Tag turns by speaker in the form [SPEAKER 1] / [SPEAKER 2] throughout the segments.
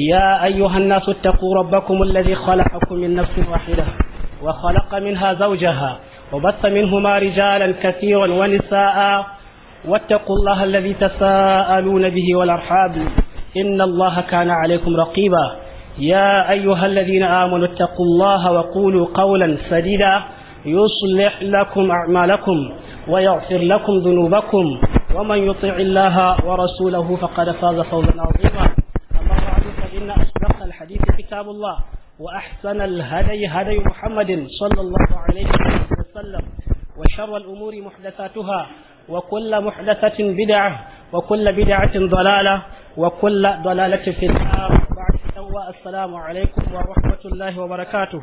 [SPEAKER 1] يا أيها الناس اتقوا ربكم الذي خلقكم من نفس واحدة وخلق منها زوجها وبث منهما رجالا كثيرا ونساء واتقوا الله الذي تساءلون به والأرحاب إن الله كان عليكم رقيبا يا أيها الذين آمنوا اتقوا الله وقولوا قولا سديدا يصلح لكم أعمالكم ويغفر لكم ذنوبكم ومن يطع الله ورسوله فقد فاز فوزا عظيما
[SPEAKER 2] الحديث كتاب الله
[SPEAKER 1] وأحسن الهدي هدي محمد صلى الله عليه وسلم وشر الأمور محدثاتها وكل محدثة بدعة وكل بدعة ضلالة وكل ضلالة في النار السلام عليكم ورحمة الله وبركاته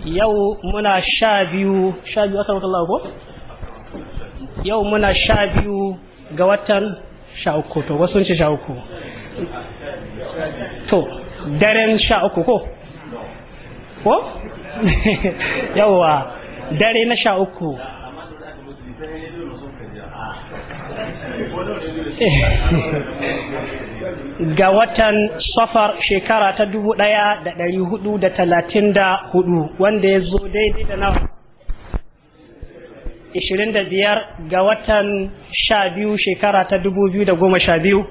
[SPEAKER 1] yau muna sha biyu sha biyu watan watan ko yau muna sha biyu ga watan sha uku to wasu ce sha uku to daren sha uku ko
[SPEAKER 2] ko yawa dare na sha uku
[SPEAKER 1] ga watan safar shekara ta dubu ɗaya da ɗari hudu da talatin da hudu wanda ya zo daidai da na ishirin da biyar ga watan sha biyu shekara ta dubu biyu da goma sha biyu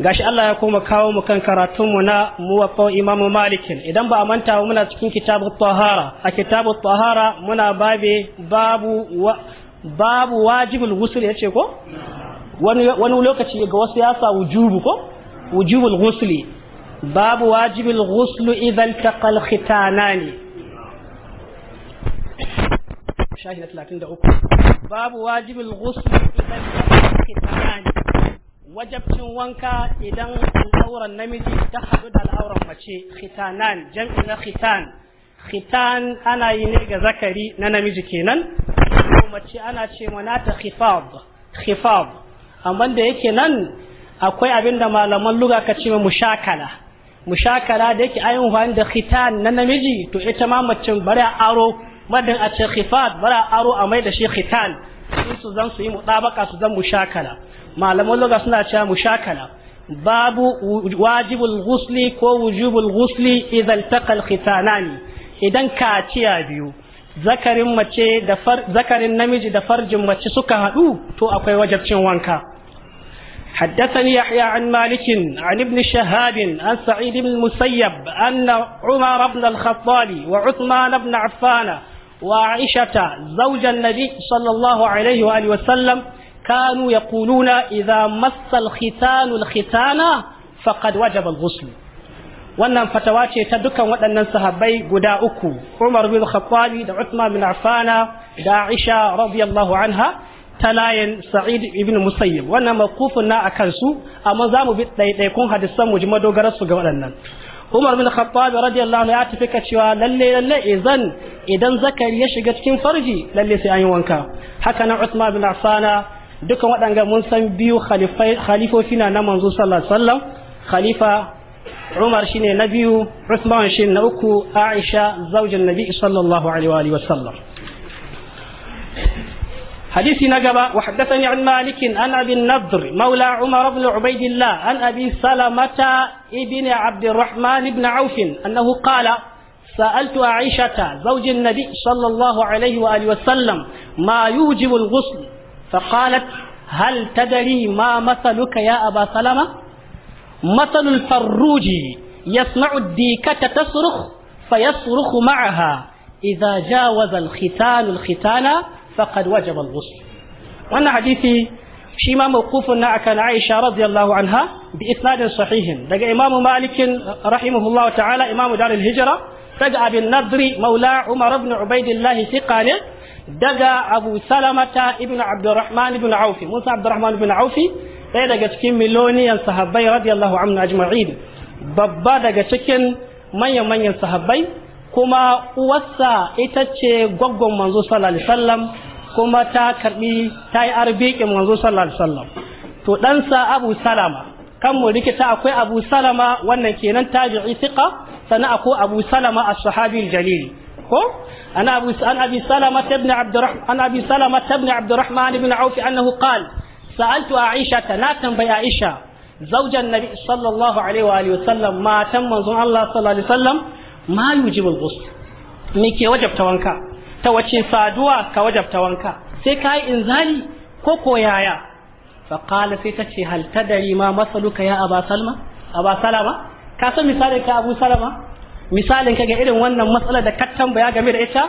[SPEAKER 1] gashi Allah ya koma kawo mu kan karatun mu na muwaffa Imam Malik idan ba a manta muna cikin kitabut tahara a kitabut tahara muna babe babu babu wajibul ghusl yace ko wani wani lokaci ga wasu ya sa wujubu ko wujubul ghusl babu wajibul ghusl idan taqal khitanani shahi na 33 babu wajibul ghusl idan taqal khitanani wajabcin wanka idan auren namiji ta hadu da al'auran mace khitanan jam'i na khitan khitan ana yi ne ga zakari na namiji kenan ko mace ana ce mana ta khifab khifab amma da yake nan akwai abin da malaman luga ka ce mushakala mushakala da yake ayin wani da khitan na namiji to ita ma mace bari aro madan a ce khifab bari aro a mai da shi khitan su zan su yi mutabaka su zan mushakala malaman lugha suna cewa kana babu wajibul ghusli ko wujubul ghusli idan altaqa alkhitanani idan kaciya biyu zakarin mace da zakarin namiji da farjin mace suka hadu to akwai wajabcin wanka حدثني يحيى عن مالك عن ابن شهاب عن سعيد بن المسيب أن عمر بن الخطاب وعثمان بن عفان وعائشة زوج النبي صلى الله عليه وآله وسلم Tanu yaquluna idza Iza khitanu al khitana faqad wajaba wannan fatawa ce ta dukan waɗannan sahabbai guda uku Umar bin Khattab da Uthman bin Affana da Aisha radiyallahu anha ta layin Sa'id ibn Musayyib wannan maqufun na akan su amma za mu bi ɗaiɗaikun hadisan mu ji madogarar su ga waɗannan Umar bin Khattab radiyallahu anhu ya tafi ka cewa lalle lalle idan idan zakari ya shiga cikin farji lalle sai an yi wanka haka nan Uthman bin Affana duka waɗanga mun san biyu khalifofi na na manzo sallallahu alaihi wasallam khalifa Umar shine na biyu usman shine na uku Aisha zaujin Nabi sallallahu alaihi wa sallam حديث نقبة وحدثني عن مالك عن أبي النضر مولى عمر بن عبيد الله عن أبي سلمة ابن عبد الرحمن بن عوف أنه قال سألت عائشة زوج النبي صلى الله عليه وآله وسلم ما يوجب الغسل فقالت هل تدري ما مثلك يا أبا سلمة مثل الفروج يصنع الديكة تصرخ فيصرخ معها إذا جاوز الختان الختان فقد وجب الغسل وأن حديثي شيما موقوف كان عائشة رضي الله عنها بإسناد صحيح لقى إمام مالك رحمه الله تعالى إمام دار الهجرة تقع بالنظر مولى عمر بن عبيد الله ثقة daga abu salamata ibn abdurrahman ibn aufi musa abdurrahman ibn aufi ɗaya daga cikin miloniyan sahabbai radiyallahu anhu ajma'in babba daga cikin manyan manyan sahabbai kuma uwarsa ita ce gwaggon manzo sallallahu alaihi wasallam kuma ta karbi ta yi arbiƙin manzo sallallahu alaihi wasallam to ɗansa abu salama kan mu rikita akwai abu salama wannan kenan tabi'i thiqa sannan akwai abu salama as-sahabi al-jalil ko an abu an abi salama ibn abdurrahman an abi salama ibn abdurrahman ibn auf annahu qala sa'altu aisha na tambayi aisha zaujan nabi sallallahu alaihi wa alihi wasallam matan manzon Allah sallallahu alaihi wasallam ma yujibul ghusl me ke wajabta wanka ta wace saduwa ka wajabta wanka sai kai inzali ko ko yaya فقال سيتشي هل تدري ما مثلك يا أبا سلمة أبا سلمة كاسم مثالك يا abu سلمة misalin kaga irin wannan matsalar da kattan baya game da ita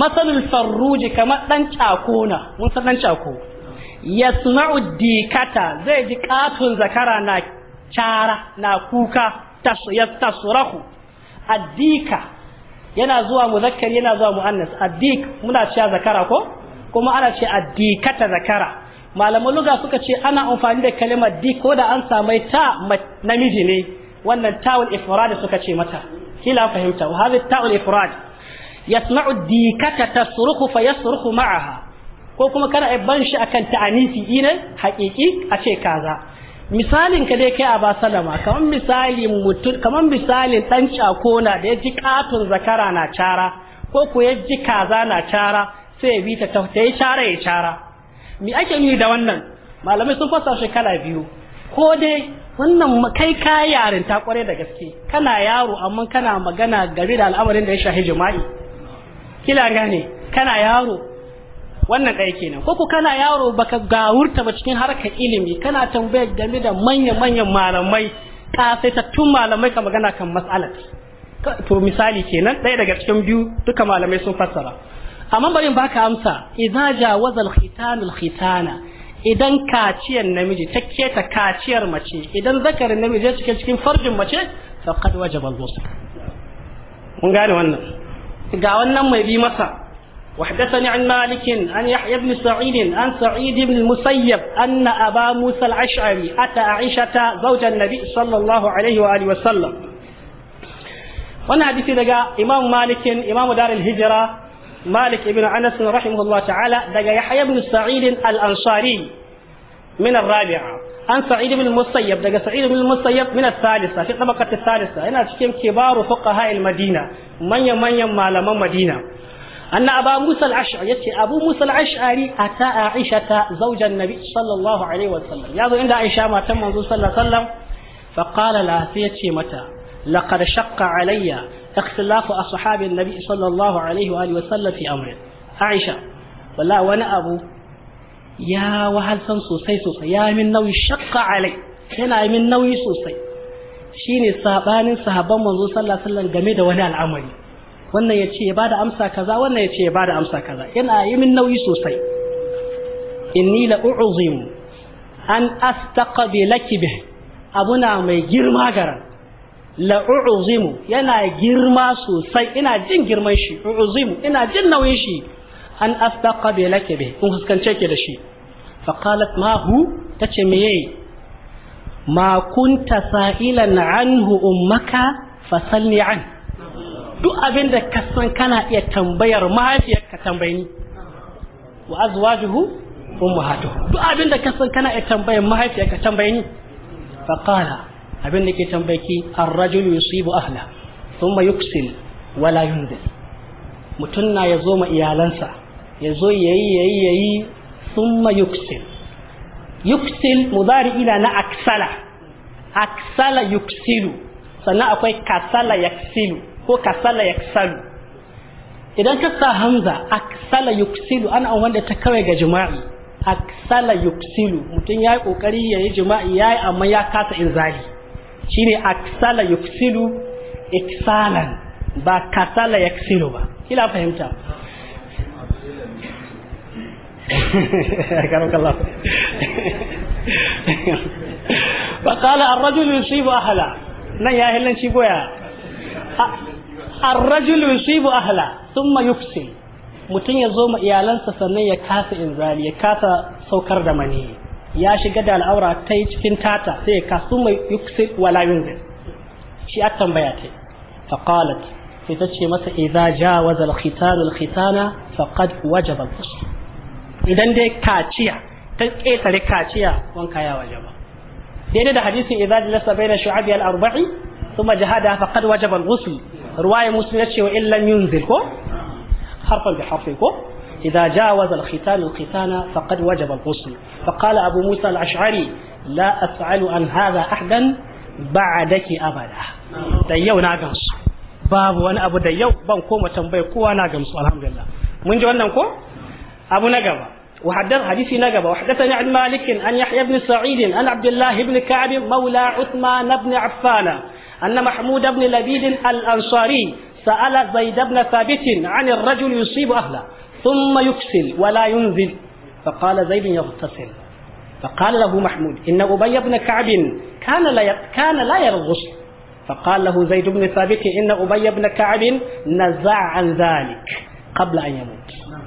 [SPEAKER 1] masalul farruji kamar dan cako na mun san dan cako yasma'u dikata zai ji katun zakara na cara na kuka yastasrahu addika yana zuwa muzakkari yana zuwa muannas addik muna cewa zakara ko kuma ana ce addikata zakara malaman luga suka ce ana amfani da kalimar dik ko da an samai ta namiji ne wannan ta'ul ifrad suka ce mata kila fahimta wa hadhihi ta'ul ifrad yasma'u dikata tasruhu fa yasruhu ma'aha ko kuma kana ban shi akan ta'anisi ina haqiqi a ce kaza misalin ka dai kai a ba salama kamar misalin mutum kaman misalin dan cakona da ya ji katun zakara na cara ko ku ya ji kaza na cara sai ya bi ta ta yi cara ya cara me ake yi da wannan malamai sun fasa shi kala biyu ko dai wannan kai ka yarin ta kware da gaske kana yaro amma kana magana gari da al'amarin da ya shahi jima'i kila gane kana yaro wannan ɗaya kenan ko ku kana yaro baka gawurta ba cikin harkar ilimi kana tambayar game da manya manyan malamai kafetattun malamai ka magana kan mas'alar to misali kenan ɗaya daga cikin biyu duka malamai sun fassara amma bari in baka amsa idza jawaza al-khitan al-khitana idan kaciyar namiji ta keta kaciyar mace idan zakarin namiji ya cike cikin farjin mace faqad wajaba al-ghusl mun gane wannan ga wannan mai bi masa وحدثني عن مالك عن يحيى بن سعيد عن سعيد بن المسيب أن أبا موسى الأشعري أتى عائشة زوج النبي صلى الله عليه وآله وسلم وانا حديثي دقاء إمام مالك إمام دار الهجرة مالك بن أنس رحمه الله تعالى دقى يحيى بن سعيد الأنصاري من الرابعة عن سعيد بن المسيب دقى سعيد بن المسيب من الثالثة في الطبقة الثالثة هنا تشكيم كبار فقهاء المدينة من يمن يمال مدينة أن أبا موسى الأشعري يتي أبو موسى الأشعري أتى عائشة زوج النبي صلى الله عليه وسلم يا عند عائشة ما تم صلى الله عليه وسلم فقال لها سيتي متى لقد شق علي اختلاف أصحاب النبي صلى الله عليه وآله وسلم في أمره عائشة ولا وانا أبو يا وهل سن سوسي سوسي يا من نوي شق علي هنا من نوي سوسي shine sabanin sahabban manzo sallallahu alaihi wasallam game da wani al'amari wannan ya ce ya bada amsa kaza wannan ya ce ya bada amsa kaza yana yi min nauyi sosai inni la u'zim an astaqbilaki bih abuna mai girma garan la'u'uzimu yana girma sosai ina jin girman shi u'uzimu ina jin nauyin shi an astaqa bi lakabi in huskance ke da shi fa qalat ma hu tace me yayi ma kunta sa'ilan anhu ummaka salli an duk abin da ka san kana iya tambayar mahaifiyarka tambayi wa azwajuhu ummahatu duk abin da ka san kana iya tambayar mahaifiyarka tambayi fa qala abin da ke tambaki ar-rajul yusibu ahla thumma yuksil wala zai. Mutum na zo ma iyalansa zo yayi yayi yayi thumma yuksil yuksil mudari ila na aksala aksala yuksilu sannan akwai kasala yaksilu ko kasala yaksalu idan ka sa hamza aksala yuksilu ana wanda ta kawai ga jima'i aksala yuksilu mutum ya yi kokari ya yi jima'i ya yi amma ya kasa zari. shine aksala yuksilu iksalan ba kasala yaksilu ba kila fahimta فقال الرجل يصيب أهلا nan ya shi goya arrajulu yusibu ahla thumma yuksil mutum ya zo ma iyalansa sannan ya kasa inzali ya kasa saukar da maniyi ya shiga da al'aura ta yi cikin tata sai ya kasu mai yuksir wala yunzir shi a tambaya ta fa qalat sai ta ce masa idan jawaza al-khitanu al faqad wajaba al idan dai kaciya ta ƙetare kaciya wanka ya wajaba daidai da hadisin idza jalasa baina shu'abi al-arba'i thumma jahada faqad wajaba al-ghusl ruwaya muslim ya ce wa illam yunzir ko harfan bi harfin ko إذا جاوز الختان الختان فقد وجب الغسل فقال أبو موسى الأشعري لا أسأل عن هذا أحدا بعدك أبدا ديو ناقص باب وانا أبو ديو بانكو متنبي كوا ناقص الحمد لله من جوانا كو أبو نقبة وحدث حديثي نقبة وحدثني عن مالك أن يحيى بن سعيد أن عبد الله بن كعب مولى عثمان بن عفان أن محمود بن لبيد الأنصاري سأل زيد بن ثابت عن الرجل يصيب أهله ثم يكسل ولا ينزل فقال زيد يغتسل فقال له محمود إن أبي بن كعب كان لا كان لا يرى فقال له زيد بن ثابت إن أبي بن كعب نزع عن ذلك قبل أن يموت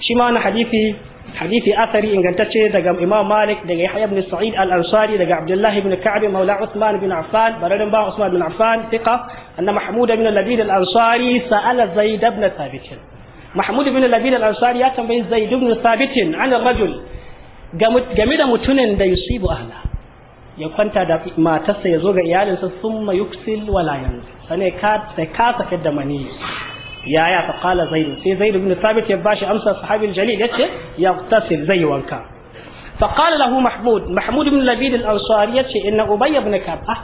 [SPEAKER 1] شمان حديثي حديثي أثري إن قلت دقا إمام مالك دقا يحيى بن سعيد الأنصاري دقا عبد الله بن كعب مولى عثمان بن عفان بردن عثمان بن عفان ثقة أن محمود بن لبيد الأنصاري سأل زيد بن ثابت mahmud bin labid al-ansari ya tambayi zaid ibn thabit an rajul game da mutumin da yusibu ahla ya kwanta da matarsa ya zo ga iyalinsa summa yuksil wala yanzu sane ka sai ka sake da mani yaya fa qala zaid sai zaid ibn thabit ya bashi amsa sahabi jalil yace yaqtasil zai wanka fa qala lahu mahmud mahmud ibn labid al-ansari yace inna ubay ibn ka'ab ah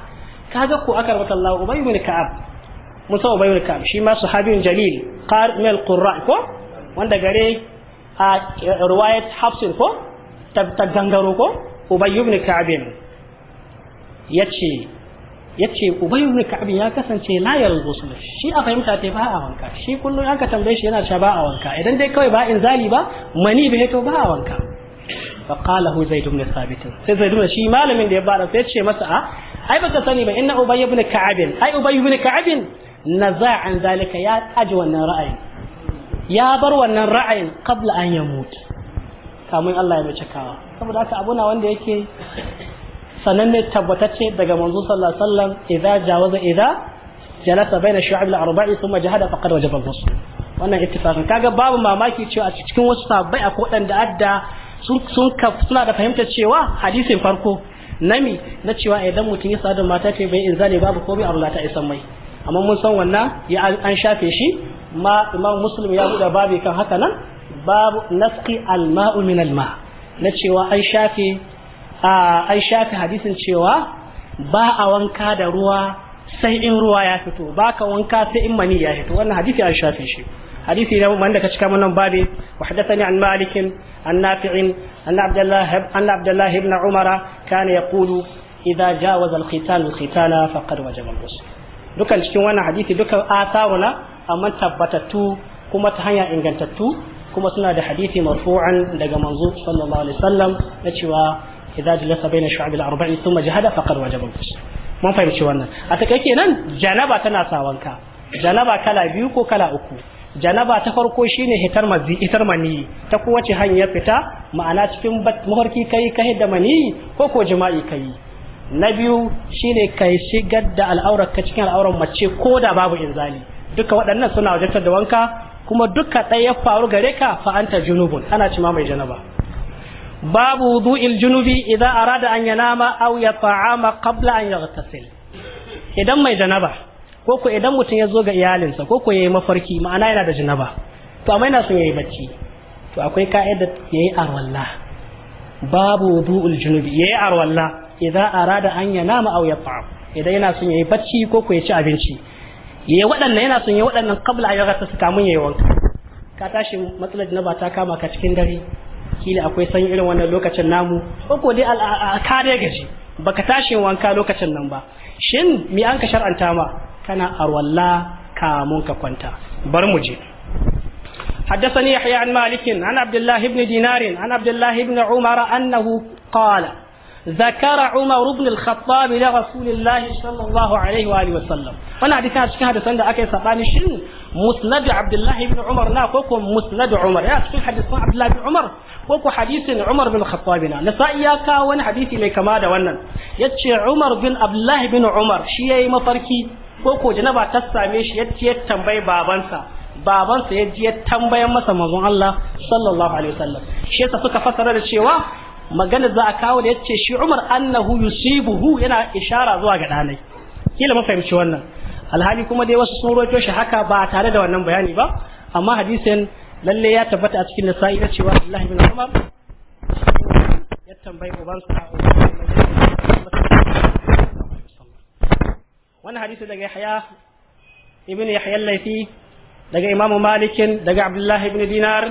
[SPEAKER 1] kaga ko aka rabata Allah ubay ibn ka'ab musa ubay ibn ka'ab shi ma sahabiyun jalil qari min alqurra ko wanda gare a riwayat hafsin ko ta gangaro ko ubay ibn ka'ab yace yace ubay ibn ka'ab ya kasance la yalghusul shi a fahimta ta ba a wanka shi kullum an ka tambaye shi yana cewa ba a wanka idan dai kawai ba in zali ba mani bai to ba a wanka fa qala hu zaid ibn thabit sai zaid ibn shi malamin da ya bada sai ya ce masa a ai baka sani ba inna ubay ibn ka'ab ai ubay ibn ka'ab naza an zalika ya aji wannan ra'ayin ya bar wannan ra'ayin kabla an ya kamun Allah ya mace kawa saboda haka abuna wanda yake sananne tabbatacce daga manzo sallallahu alaihi wasallam idza jawaza idza jalasa baina shu'ab al-arba'i thumma jahada faqad wajaba al-ghusl wannan ittifaqin kaga babu mamaki cewa a cikin wasu sabbai akwai wadanda adda sun sun suna da fahimtar cewa hadisin farko nami na cewa idan mutum ya sadu mata ce bai in zane babu komai a la ta isan mai amma mun san wannan an shafe shi ma muslim ya buɗe babu kan haka nan babu nasqi alma'u min na cewa an shafe hadisin cewa ba a wanka da ruwa sai in ruwa ya fito ba wanka sai in mani ya fito wannan hadisi an shafe shi hadisi na wanda ka cika wannan babi wa hadathani an malik an nafi' an abdullah an abdullah ibn umara kana yaqulu idza jawaza al-khitan al-khitana faqad wajaba al-ghusl dukan cikin wannan hadisi dukan asaruna amma tabbatattu kuma ta hanya ingantattu kuma suna da hadisi marfu'an daga manzo sallallahu alaihi wasallam na cewa idza jalasa baina shu'abil arba'i thumma jahada faqad wajaba mun fahimci wannan a take nan janaba tana sawanka janaba kala biyu ko kala uku janaba ta farko shine hitar mazi hitar mani ta kowace hanyar fita ma'ana cikin mafarki kai ka hidda mani ko ko jima'i kai na biyu shine kai shigar da al'aurar ka cikin al'aurar mace ko da babu inzali duka waɗannan suna wajartar da wanka kuma duka ɗaya ya faru gare ka fa anta junubun ana cima mai janaba babu wudu'il junubi idan arada an yanama aw yata'ama qabla an yaghtasil idan mai janaba ko ko idan mutum ya zo ga iyalinsa ko ko yayi mafarki ma'ana yana da janaba to amma yana son yi bacci to akwai ka'idar yayi arwallah babu wudu'ul junubi yayi arwalla idza arada an yanama aw yat'am idan yana son yayi bacci ko ko yaci ci abinci yayi waɗannan yana son yayi waɗannan qabla ayyaka ta su kamun yayi wanka ka tashi matsalar na ba ta kama ka cikin dare kila akwai san irin wannan lokacin namu ko ko dai ka gaji baka tashi wanka lokacin nan ba shin mi an ka shar'anta ma kana arwalla kamun ka kwanta bar mu je حدثني يحيى عن مالك عن عبد الله بن دينار عن عبد الله بن عمر أنه قال ذكر عمر بن الخطاب لرسول الله صلى الله عليه وآله وسلم وانا حديثنا cikin hadisan da akai sabani shin musnad Abdullah ibn Umar na ko musnad Umar ya cikin hadisan Abdullah ibn Umar ko ko Umar bin Khattab na nasa'i ya kawo wani hadisi mai kama da wannan yace Umar bin Abdullah ibn Umar shi yayi mafarki ko ko janaba ta same shi yace tambayi babansa babansa ya ji ya tambayan masa manzon Allah sallallahu alaihi wasallam shi yasa suka fassara da cewa magana za a kawo da yace shi Umar annahu yusibuhu yana ishara zuwa ga danai kila mun fahimci wannan alhali kuma dai wasu sun shi haka ba tare da wannan bayani ba amma hadisin lalle ya tabbata a cikin nasa'i da cewa Allah bin
[SPEAKER 2] Umar ya tambayi ubansa
[SPEAKER 1] wannan hadisi daga Yahya ibn Yahya al daga imamu malikin daga abdullahi ibn dinar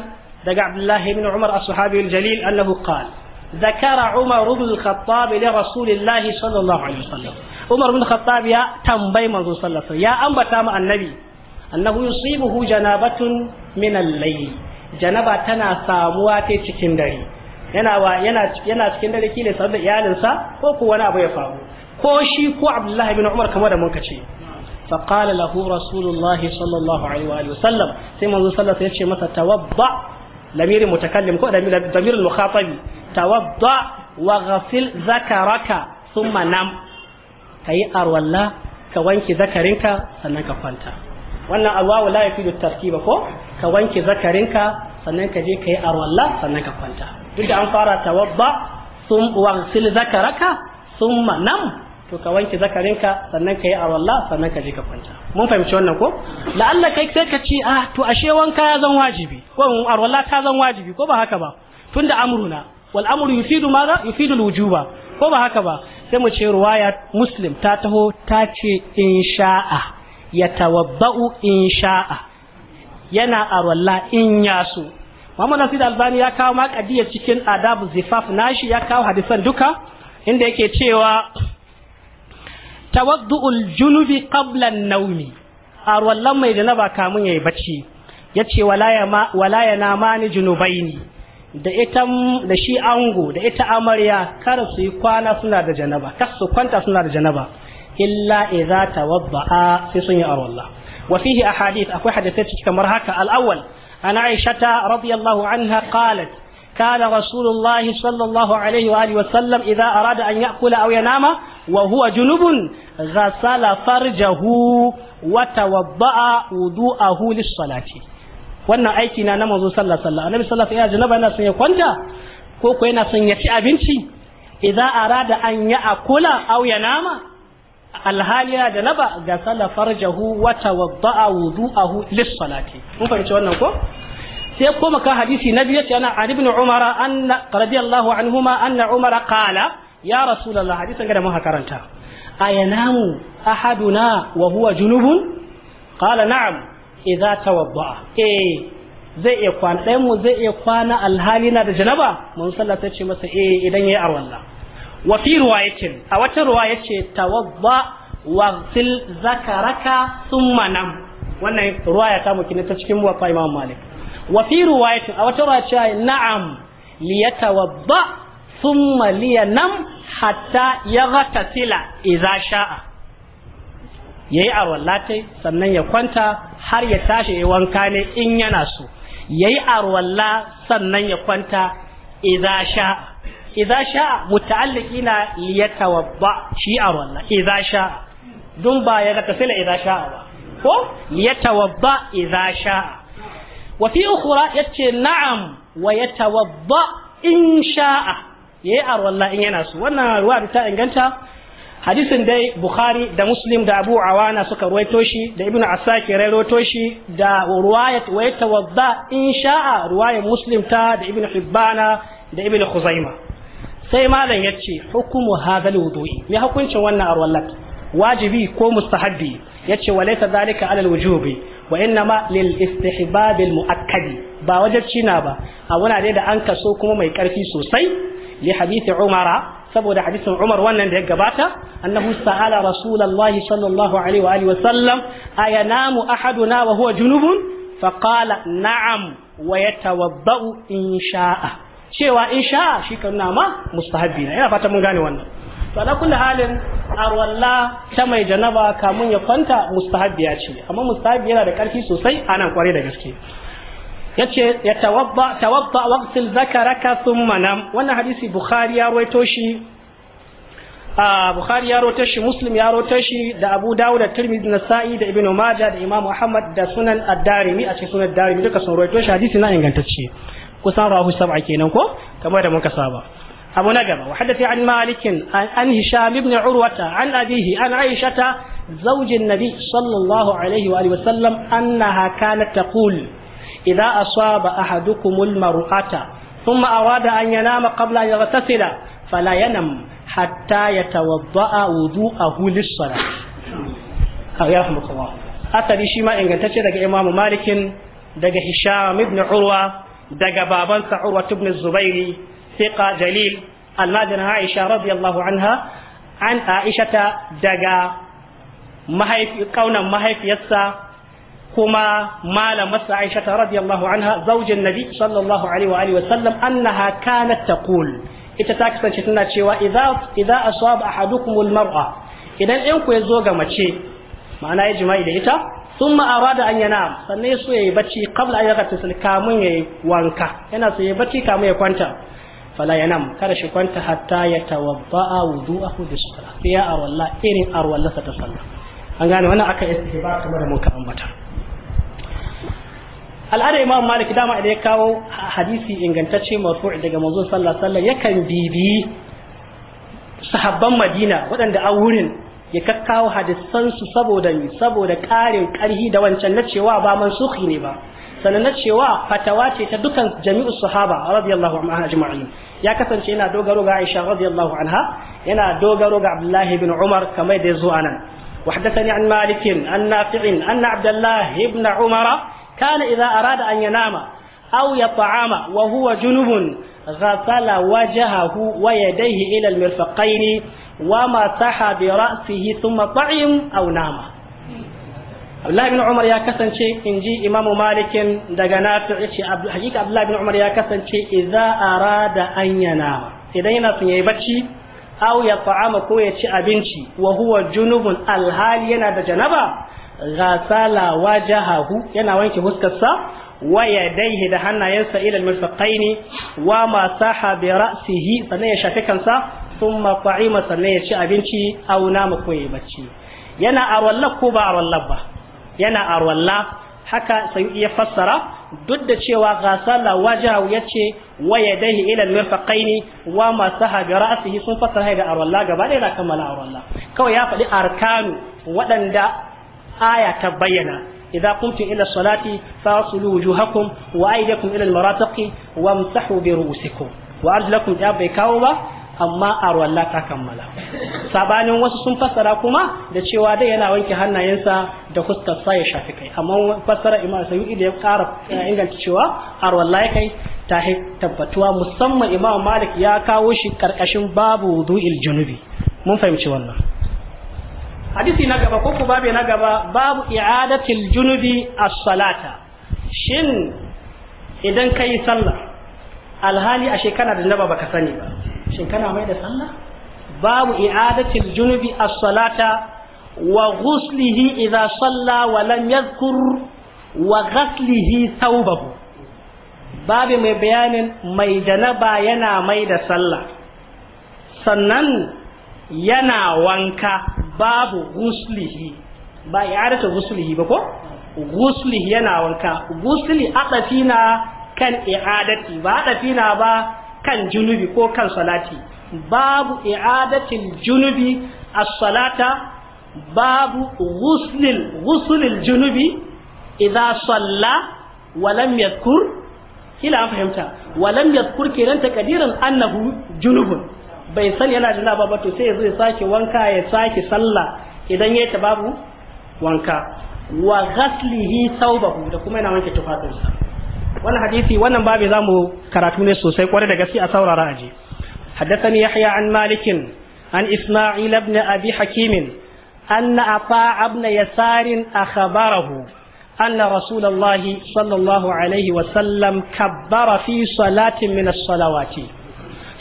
[SPEAKER 1] daga abdullahi ibn umar as-sahabi al-jalil annahu qala ذكر عمر بن الخطاب لرسول الله صلى الله عليه وسلم Umar بن الخطاب يا تنبي من صلى الله عليه وسلم mu annabi مع النبي أنه يصيبه جنابة من janaba tana samuwa ta cikin dare yana wa yana yana cikin dare kile saboda iyalinsa ko ko wani abu ya faru ko shi ko Abdullahi bin Umar kamar da mun ce فقال له رسول الله صلى الله عليه وآله وسلم سيما ذو صلى يتشي مثلا توضع لمير متكلم كو لمير المخاطب توضع وغسل ذكرك ثم نام كي أرولا كوانك ذكرك سننك فانتا وانا الواو لا يفيد التركيب كو كوانك ذكرك سننك جي كي أرولا سننك فانتا دود أنفارة توضع ثم وغسل ذكرك ثم نام to ka wanke zakarinka sannan ka yi walla sannan ka je ka kwanta mun fahimci wannan ko la'alla kai sai ka ce ah to ashe wanka ya zan wajibi ko walla ta zan wajibi ko ba haka ba tunda amruna wal amru yufidu madha yufidu wujuba ko ba haka ba sai mu ce ruwaya muslim ta taho ta ce insha'a tawabba'u insha'a yana walla in yaso Muhammad Nasir Albani ya kawo makadiyar cikin adabu zifaf nashi ya kawo hadisan duka inda yake cewa tawaddu'ul junubi qabla an-nawmi a wallan mai janaba kamun yayi bacci yace wala ya ma wala ya namani junubaini da ita da shi ango da ita amarya kar su yi kwana suna da janaba kar su kwanta suna da janaba illa idza tawadda'a sai sun yi arwalla wa fihi ahadith akwai hadisi kamar haka al-awwal an Aisha radiyallahu anha qalat kana rasulullahi sallallahu alaihi wa sallam idza arada an ya'kula aw yanama wa huwa junubun ghasala farjahu wa tawadda'a wannan aiki na na manzo sallallahu alaihi wasallam annabi sallallahu alaihi wasallam yana son ya kwanta ko ko yana son ya ci abinci idza arada an ya akula aw ya nama alhali da naba ga sala farjahu wa tawadda'a wudu'ahu lis-salati mun fahimci wannan ko sai koma ka hadisi nabi yace ana ibn umara anna radiyallahu anhuma anna umara qala ya rasulullah hadisin ga da muka karanta ayanamu ahaduna wa huwa junubun qala na'am idza tawadda'a eh zai iya kwana ɗayan mu zai iya kwana alhali na da janaba mun sallah ce masa eh idan yayi arwalla wa fi riwayatin a wata riwaya ce tawadda wa sil zakaraka thumma nam wannan riwaya ta muke ta cikin muwaffa imam malik wa fi riwayatin a wata riwaya ce na'am liyatawadda thumma liyanam hatta yaghtasila idza sha'a yayi arwallatai sannan ya kwanta har ya tashi ya wanka ne in yana so yayi arwalla sannan ya kwanta idza sha'a idza sha'a muta'alliki na liyatawadda shi walla idza sha'a dun ba ya ghtasila idza sha'a ba ko liyatawadda idza sha'a wa fi ukhra yace na'am wa yatawadda in sha'a yayi arwalla in yana su wannan ruwa ta inganta hadisin dai bukhari da muslim da abu awana suka ruwaito shi da ibnu asakir ya ruwaito shi da ruwayat wa yatawadda in sha'a ruwayat muslim ta da ibnu hibbana da ibnu khuzaima sai malam yace hukumu hadal wudu'i me hukuncin wannan arwallat wajibi ko mustahabbi yace walaysa zalika alal wujubi wa innama lil istihbab al muakkadi ba wajibci na ba a wani da an kaso kuma mai karfi sosai li hadisi umara saboda hadisin umar wannan da ya gabata annahu sa'ala rasulullahi sallallahu alaihi wa alihi wa sallam ayanamu ahaduna wa huwa junubun fa na'am wa yatawabba'u in sha'a cewa in sha'a shi kan ma mustahabbi na ina fata mun gane wannan to ala kulli halin arwalla ta mai janaba kamun ya kwanta ya ce amma mustahabbi yana da karfi sosai Ana kware da gaske yace ya tawadda tawadda waghsil zakaraka thumma nam wannan hadisi bukhari ya rawaito shi a bukhari ya rawaito shi muslim ya rawaito shi da abu dawud da tirmidhi da da ibnu majah da imam muhammad da sunan ad-darimi a cikin sunan ad-darimi duka sun rawaito shi hadisi na ingantacce kusan rahu sab'a kenan ko kamar da muka saba أبو نجم وحدث عن an عن هشام بن عروة عن أبيه عن عائشة زوج النبي صلى الله عليه وآله وسلم أنها كانت تقول idza asaba ahadukumul mar'ata thumma arada an yanama qabla an yaghtasila fala yanam hatta yatawadda'a wudu'ahu lis-salah yarhamukallah asali shi ma ingantacce daga imamu malikin daga hisham ibn urwa daga babansa urwa ibn zubairi thiqa jalil almadan aisha radiyallahu anha an aishata daga mahaifi kaunan mahaifiyarsa كما مال مس عائشة رضي الله عنها زوج النبي صلى الله عليه وآله وسلم أنها كانت تقول إتتاكسا شتنا شوى إذا إذا أصاب أحدكم المرأة إذا إنكو يزوغ مشي معنى يجمع إلى ثم أراد أن ينام sannan so yayi bacci kabla an yaga tasil kamun yayi wanka yana so yayi bacci kamun ya kwanta fala yanam kada shi kwanta hatta ya tawadda'a wudu'ahu bis sala ya arwalla irin arwalla gane wannan aka istihba kamar mun ka al'ada imam malik dama da ya kawo hadisi ingantacce marfu' daga manzon sallallahu alaihi wasallam yakan bibi sahabban madina waɗanda a wurin ya kakkawo hadisan su saboda ni saboda ƙarin karhi da wancan na cewa ba mansuhi ne ba sannan na cewa fatawa ce ta dukan jami'u sahaba radiyallahu anha ajma'in ya kasance yana dogaro ga Aisha radiyallahu anha yana dogaro ga abdullahi ibn Umar kamar da yazo anan وحدثني عن مالك عن نافع أن عبد الله عمر kana idza arada an yanama aw yat'ama wa huwa junubun غسل وجهه ويديه إلى المرفقين ومسح برأسه ثم طعم أو نام Abdullahi bin Umar ya kasance in ji Imamu Malikin daga Nafi ya ce hakika Abdullahi bin Umar ya kasance idza arada an yana idan yana son yayi bacci aw ya ta'ama ko ya ci abinci wa huwa junubun alhali yana da janaba ghasala wajahahu yana wanke huskarsa wa yadayhi da hannayensa ila al-mirfaqaini wa masaha bi ra'sihi sannan ya shafi kansa thumma qa'ima sannan ya ci abinci aw nama ko ya bacci yana arwalla ko ba arwalla ba yana arwalla haka sai ya fassara duk da cewa ghasala wajahu yace wa yadayhi ila al-mirfaqaini wa masaha bi ra'sihi sun fassara ga arwalla gaba da kammala arwalla kawai ya faɗi arkanu waɗanda aya ta bayyana idza qumtum ila salati fasulu wujuhakum wa aydakum ila almarataqiy wamsahu bi ru'usikum wa arjulakum ya bai kawo ba amma arwalla ta kammala sabanin wasu sun fassara kuma da cewa dai yana wanke hannayensa da fuskar ya shafi kai amma fassara imam sayyidi da ya kara inganta cewa arwalla ya kai ta tabbatuwa musamman imam malik ya kawo shi karkashin babu wudu'il junubi mun fahimci wannan hadisi na gaba ko ku babe na gaba babu i'adatil junubi as-salata shin idan kai sallah alhali a shekara da naba baka sani ba shin kana mai da sallah babu i'adatil junubi as-salata wa ghuslihi idza salla wa lam yadhkur wa ghaslihi thawbahu babu mai bayanin mai da naba yana mai da sallah sannan yana wanka babu guslihi ba i'adatu guslihi ba ko guslihi yana wanka gusli adafi na kan i'adati ba adafi ba kan junubi ko kan salati babu i'adatil junubi as-salata babu ghuslil ghuslil junubi idza salla wa lam yadhkur kila fahimta wa lam yadhkur kiran takdiran annahu junubun bai san yana janaba ba to sai ya sake wanka ya sake sallah idan ya ta babu wanka wa ghaslihi thawbahu da kuma yana wanke tufafinsa wannan hadisi wannan babu mu karatu ne sosai kwarai da gaske a saurara aje حدثني an عن مالك عن إسماعيل بن أبي حكيم أن أطاع بن يسار أخبره أن رسول الله صلى الله عليه وسلم كبر في صلاة من الصلوات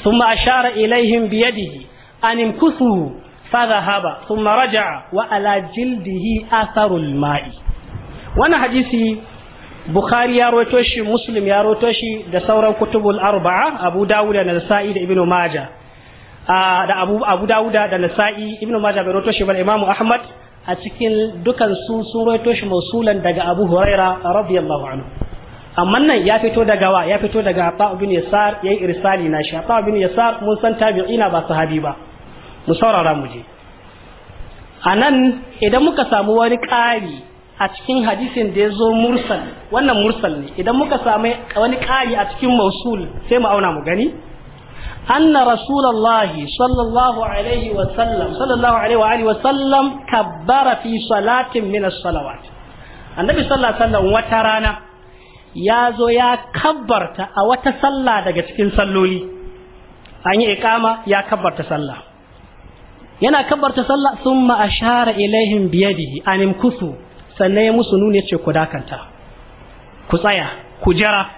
[SPEAKER 1] ثم أشار إليهم بيده أن امكثوا فذهب ثم رجع وعلى جلده أثر الماء وانا حديثي بخاري يا مسلم يا روتوشي da sauran kutubul arba'a Abu Dawud da Nasa'i da Ibn Majah da Abu Abu Dawud da Nasa'i Ibn Majah bai rotoshi Ahmad a cikin dukan su sun rotoshi mausulan daga Abu Huraira radiyallahu anhu amma nan ya fito daga wa ya fito daga Atta bin Yasar yayi irsali na shi Atta bin Yasar mun san tabi'ina ba sahabi ba mu saurara mu je anan idan muka samu wani ƙari a cikin hadisin da ya zo mursal wannan mursal ne idan muka samu wani ƙari a cikin mausul sai mu auna mu gani anna rasulullahi sallallahu alaihi wa sallam sallallahu alaihi wa wa sallam kabbara fi salatin min as-salawat annabi sallallahu alaihi wa sallam wata rana ya zo ya kabbarta a wata sallah daga cikin salloli an yi ikama ya kabbarta sallah yana kabbarta sallah sun ma'ashara ilahin biyadihi a nimkusu sannan ya musu nuni ce ku dakanta ku tsaya ku jira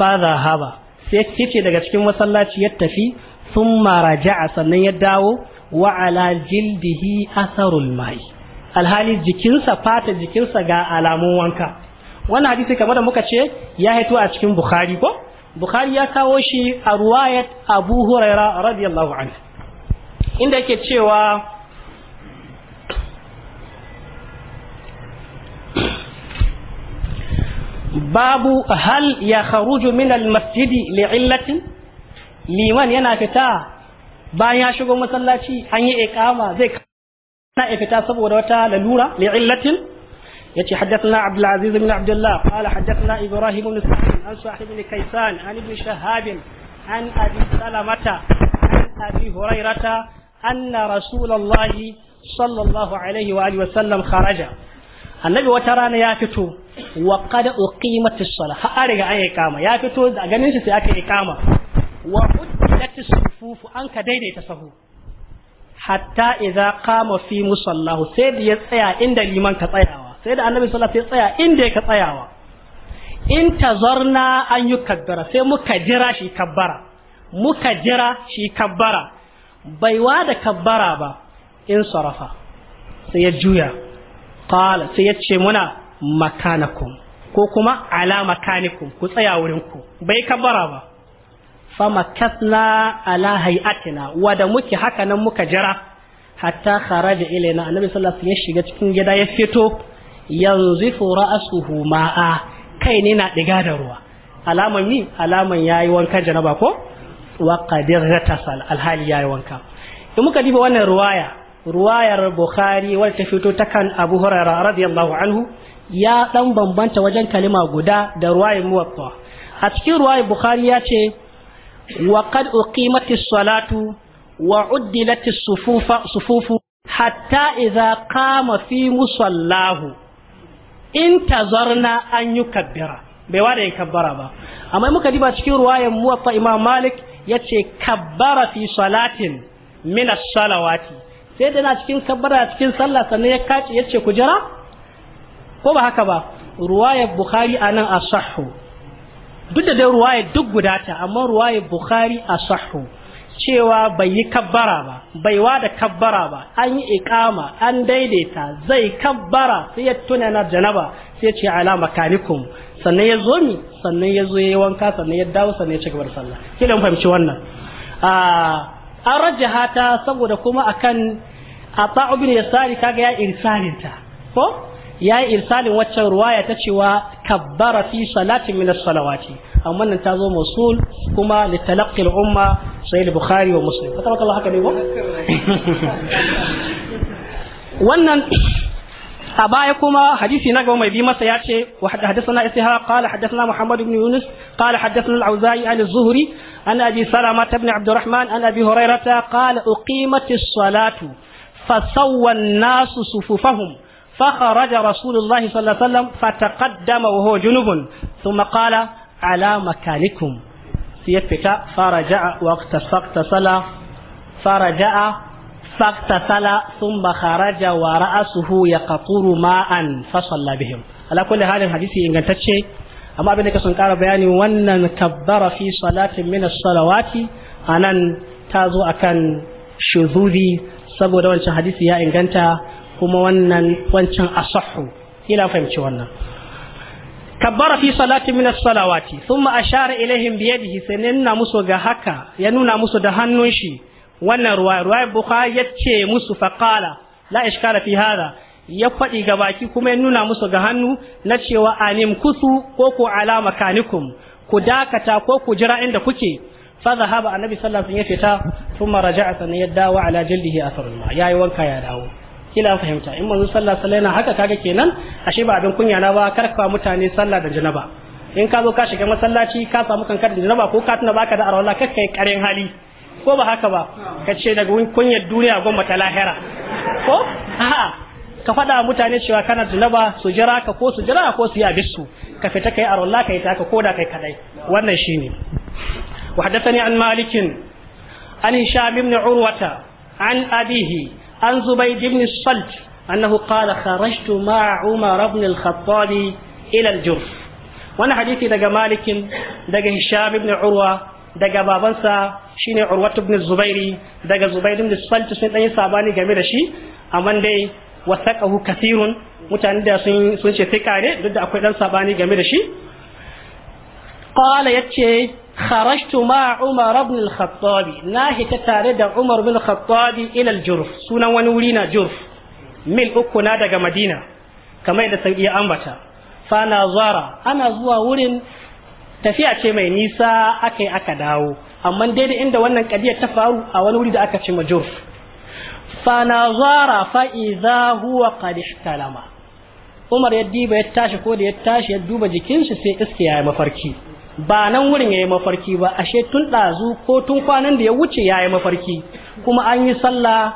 [SPEAKER 1] fada haba sai ce daga cikin masallaci ya tafi sun a sannan ya dawo wa ala jildihi asarul mai alhali jikinsa fata jikinsa ga alamun wanka wannan hadisi kamar da muka ce ya haito a cikin bukhari ko bukhari ya kawo shi a ruwayat abu huraira radiyallahu anhu inda yake cewa babu hal ya kharuju min almasjidi li'illatin liman yana fita bayan ya shigo masallaci an yi iqama zai na fita saboda wata lalura li'illatin يتي حدثنا عبد العزيز بن عبد الله قال حدثنا إبراهيم بن سعد عن صاحب بن كيسان عن ابن شهاب عن أبي سلمة عن أبي هريرة أن رسول الله صلى الله عليه وسلم خرج annabi wata rana ya fito wa qad uqimat as-salah har an riga an kama ya fito da ganin shi sai aka yi kama wa uddat as-sufuf an ka daidaita sahu hatta idza qama sai da ya tsaya inda liman ka tsayawa sai da annabi sallallahu alaihi wasallam ya tsaya inda yake tsayawa in tazarna an yi sai muka jira shi kabbara muka jira shi kabbara bai da kabbara ba in sarafa sai ya juya qala sai ya ce muna makanakum ko kuma ala makanikum ku tsaya wurin ku bai kabbara ba fa makasna ala hayatina wada muke haka nan muka jira hatta kharaja ilaina annabi sallallahu alaihi wasallam ya shiga cikin gida ya fito yanzifu ra'asuhu ma'a kai ne na diga da ruwa alaman ni alaman yayi wanka janaba ko wa qadir ratasal alhali yayi wanka in muka diba wannan ruwaya ruwayar bukhari wal fito ta kan abu hurairah radiyallahu anhu ya dan bambanta wajen kalima guda da ruwayar muwatta a cikin ruwayar bukhari ya ce wa qad uqimatis salatu wa uddilatis sufufa sufufu hatta idza qama fi musallahu in tazarna an yi yukabbira bai wada yin kabbara ba amma muka diba cikin ruwayan muwatta imam malik ya ce kabbara fi salatin min salawati sai da cikin kabbara cikin sallah sannan ya kace yace ku jira ko ba haka ba ruwayar bukhari anan sahu duk da dai ruwayar duk gudata amma ruwayar bukhari sahu cewa bai yi kabbara ba bai wada kabbara ba an yi ikama an daidaita zai kabbara sai ya tuna na janaba sai ce ala makanikum sannan ya zo mi sannan ya zo yi wanka sannan ya dawo sannan ya ci gaba da sallah kila mun fahimci wannan a an raja hata saboda kuma akan ata ya yasari kaga ya irsalin ta ko ya yi irsalin waccan ruwaya ta cewa kabbara fi salatin min as-salawati أو من تازو موصول كما للتلقي الأمة صحيح البخاري ومسلم فتبك الله حكا نيبو وانا أبايا حديثي نقوى ما يبيما سياتي وحدثنا إسهاق قال حدثنا محمد بن يونس قال حدثنا العوزائي عن الزهري أن أبي سلامة بن عبد الرحمن أن أبي هريرة قال أقيمت الصلاة فصوى الناس صفوفهم فخرج رسول الله صلى الله عليه وسلم فتقدم وهو جنوب ثم قال ala makanikum sai ya fita fara ja'a waqta faqta sala fara ja'a faqta sala thumma wa ra'asuhu kakuru ma'an fasalla bihim ala kulli halin hadisi ingantacce amma abin da ka sun kara bayani wannan kabbara fi salatin min as-salawati anan ta zo akan shuzuri saboda wancan hadisi ya inganta kuma wannan wancan asahhu ila fahimci wannan kabbara fi salati min as-salawati thumma ashara ilaihim bi yadihi sai nuna musu ga haka ya nuna musu da hannun shi wannan ruwa ruwa bukhari yace musu faqala la ishkala fi hada ya faɗi ga baki kuma ya nuna musu ga hannu na cewa anim kusu ko ku ala kanikum ku dakata ko ku jira inda kuke fa zahaba annabi sallallahu alaihi wasallam ya fita thumma raja'a sannan ala jildihi asrullah yayi wanka ya dawo kila fahimta in manzo sallah sallah yana haka kaga kenan ashe ba abin kunya na ba karfa mutane sallah da janaba in ka zo ka shiga masallaci ka samu kankar da janaba ko ka tuna baka da arwala kakka yi karen hali ko ba haka ba ka ce daga kunyar duniya gwamma ta lahira ko a'a ka faɗa mutane cewa kana janaba su jira ka ko su jira ko su yi abisu ka fita kai arwala kai ta ko da kai kadai wannan shine وحدثني an malikin عن هشام ibn urwata an abihi عن زبيد بن الصلت أنه قال خرجت مع عمر بن الخطاب إلى الجرف وانا حديثي دقى مالك دقى هشام بن عروة دقى بابنسا شيني عروة بن الزبير دقى زبيد بن الصلت سنة أي ساباني جميل شي أمان دي وثقه كثير mutane da sun ce fika ne duk da akwai dan sabani game da shi qala yace kharajtu ma umar ibn na hita tare da umar ibn al-khattab ila al sunan wani wuri na jurf mil uku na daga madina kamar da sauki ambata fa ana zuwa wurin tafiya ce mai nisa aka yi aka dawo amma daidai inda wannan kadiyar ta faru a wani wuri da aka ce majurf fa nazara fa idza huwa umar ya diba ya tashi ko da ya tashi ya duba jikin shi sai iske yi mafarki ba nan wurin yayi mafarki ba ashe tun ɗazu ko tun kwanan da ya wuce yayi mafarki kuma an yi sallah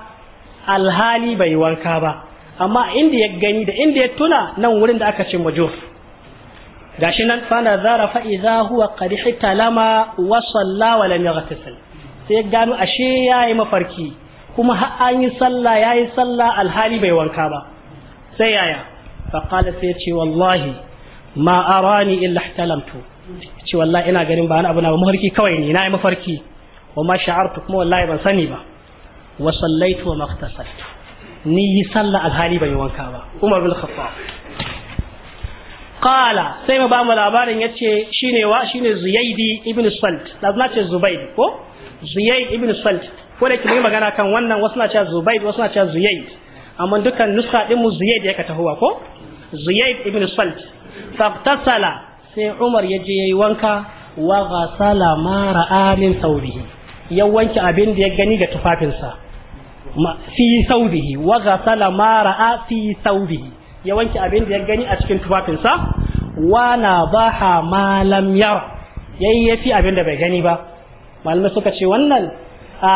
[SPEAKER 1] alhali bai wanka ba amma inda ya gani da inda ya tuna nan wurin da aka ce majuf gashi nan fana zara fa huwa qad hitalama wa salla wa lam yaghtasil sai ya gano ashe yayi mafarki kuma har an yi sallah yayi sallah alhali bai wanka ba sai yaya fa sai ya ce wallahi ma arani illa ihtalamtu ce wallahi ina ganin ba wani abu na ba mafarki kawai ne na yi mafarki wa ma sha'artu kuma wallahi ban sani ba wa sallaitu wa maktasaltu ni yi sallah alhali ban yi wanka ba umar bin khattab qala sai mu ba mu labarin yace shine wa shine zuyaidi ibn salt da zuna ce zubaid ko zuyaid ibn salt ko da kuma magana kan wannan wasu na cewa zubaid wasu na cewa zuyaid amma dukkan nuska din mu zuyaid ya ka tahowa ko zuyaid ibn salt faqtasala sai Umar ya je ya yi wanka wa ghasala ma ra'a min thawbihi ya wanke abin da ya gani ga tufafinsa fi thawbihi wa ghasala ma ra'a fi thawbihi ya wanke abin da ya gani a cikin tufafinsa wa nadaha ma lam yara yayi yafi abin da bai gani ba malamai suka ce wannan a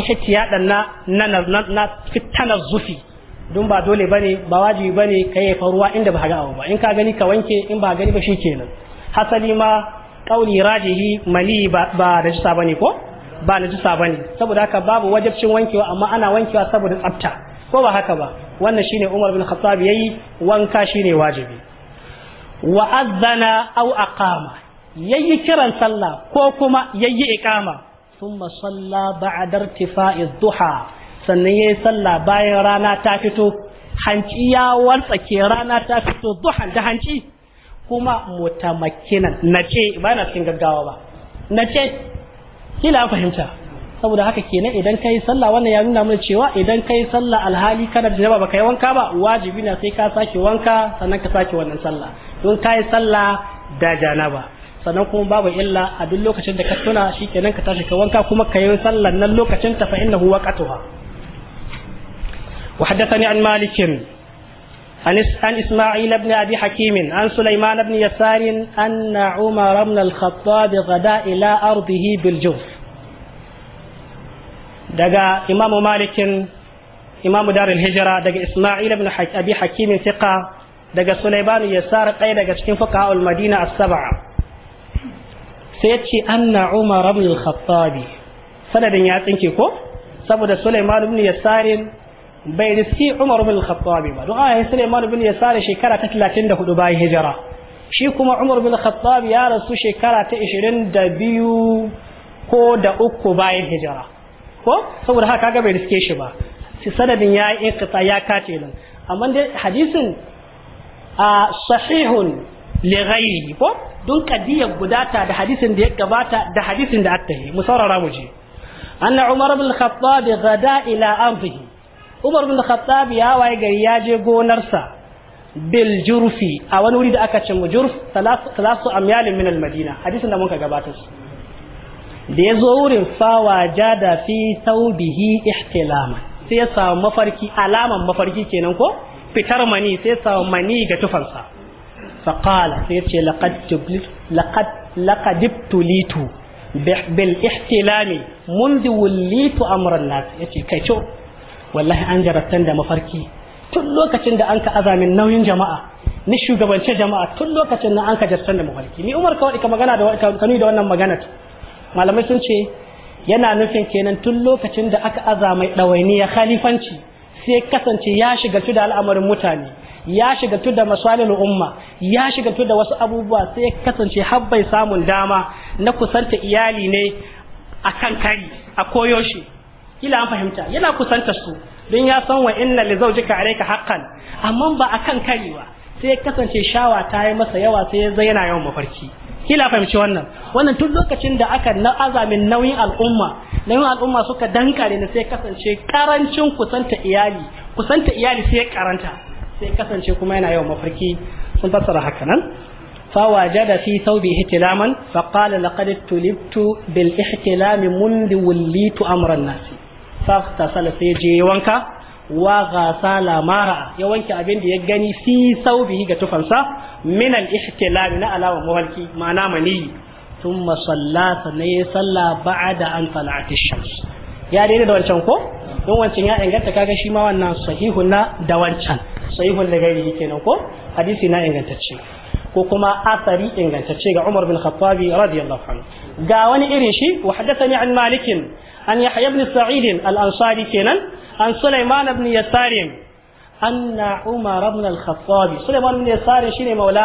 [SPEAKER 1] ihtiyadan na na na fitanazzufi don ba dole ne ba wajibi bane kai ya faruwa inda ba ga ba in ka gani ka wanke in ba gani ba kenan hasali ma kauli rajihi mali ba ba ne bane ko ba ba ne saboda haka babu wajabcin wankewa amma ana wankewa saboda tsafta ko ba haka ba wannan shine Umar bin Khattab yayi wanka shine wajibi wa adzana aw aqama yayi kiran sallah ko kuma yayi iqama thumma salla ba'da irtifa'i duha sannan ya yi sallah bayan rana ta fito hanci ya wartsake rana ta fito duhan da hanci kuma mutamakinan na ce ba na cikin gaggawa ba na ce kila fahimta saboda haka kenan idan ka yi sallah wannan ya nuna mana cewa idan ka yi sallah alhali kana da ba ka yi wanka ba wajibi na sai ka sake wanka sannan ka sake wannan sallah don ka yi sallah da janaba sannan kuma babu illa a duk lokacin da ka tuna kenan ka tashi ka wanka kuma ka yi sallah nan lokacin ta fa innahu waqatuha وحدثني عن مالك عن إسماعيل بن أبي حكيم عن سليمان بن يسار أن عمر بن الخطاب غدا إلى أرضه بالجوف دقا إمام مالك إمام دار الهجرة دقا إسماعيل بن أبي حكيم ثقة دقا سليمان يسار قيد دقا شكين فقهاء المدينة السبعة سيتشي أن عمر بن الخطاب سنة ياتنكي كو سبب سليمان بن يسار bai riski Umar bin Khattab ba don ai Sulaiman bin Yasar shekara ta 34 bayan hijira shi kuma Umar bin Khattab ya rasu shekara ta 22 ko da uku bayan hijira ko saboda haka kaga bai riske shi ba sai sanadin ya yi ya kace nan amma dai hadisin a sahihun li ghairihi ko don kadiya gudata da hadisin da ya gabata da hadisin da attahi mu saurara mu anna Umar bin Khattab gada ila amfihi Umar bin Khattab ya waye gari ya je gonarsa bil jurfi a wani wuri da aka ce jurf talasu amyalin min al madina hadisin da mun ka gabatar da ya zo wurin fawa jada fi taubihi ihtilama sai ya samu mafarki alaman mafarki kenan ko fitar mani sai ya samu mani ga tufansa fa qala sai ya ce laqad laqad laqad tulitu bil ihtilami mundu wulitu amran nas yace kai wallahi an jarabtan da mafarki tun lokacin da an ka azamin nauyin jama'a ni shugabance jama'a tun lokacin da an ka jarabtan da mafarki ni umar kawai ka magana da kanu da wannan magana malamai sun ce yana nufin kenan tun lokacin da aka azamai ɗawainiya khalifanci sai kasance ya shiga da al'amarin mutane ya shiga da masalil umma ya shiga da wasu abubuwa sai kasance har bai samun dama na kusanta iyali ne akan kari a koyo shi kila an fahimta yana kusanta su don ya san wa inna li zawjika alayka haqqan amma ba akan karewa ba sai kasance shawa ta yi masa yawa sai ya zaina yawan mafarki kila fahimci wannan wannan tun lokacin da aka na azamin nauyin al'umma nauyin al'umma suka dankare ne sai kasance karancin kusanta iyali kusanta iyali sai karanta sai kasance kuma yana yawan mafarki sun fassara haka nan فوجد في ثوبه احتلاما فقال لقد ابتلبت بالاحتلام منذ وليت امر الناس faghtasala sai je wanka wa ghasala mara ya wanke abin da ya gani fi saubihi ga tufansa min al ihtilal na alawa muhalki ma'ana mani thumma salla sanai salla ba'da an tala'at ash-shams ya daina da wancan ko don wancan ya inganta kaga shi ma wannan sahihun na da wancan sahihun da gairi kenan ko hadisi na ingantacce ko kuma asari ingantacce ga Umar bin Khattabi radiyallahu anhu ga wani irin shi wa haddathani an malikin an yahya ibn sa'id al-ansari kenan an sulaiman ibn yasar anna umar ibn al-khattab sulaiman ibn yasar shine maula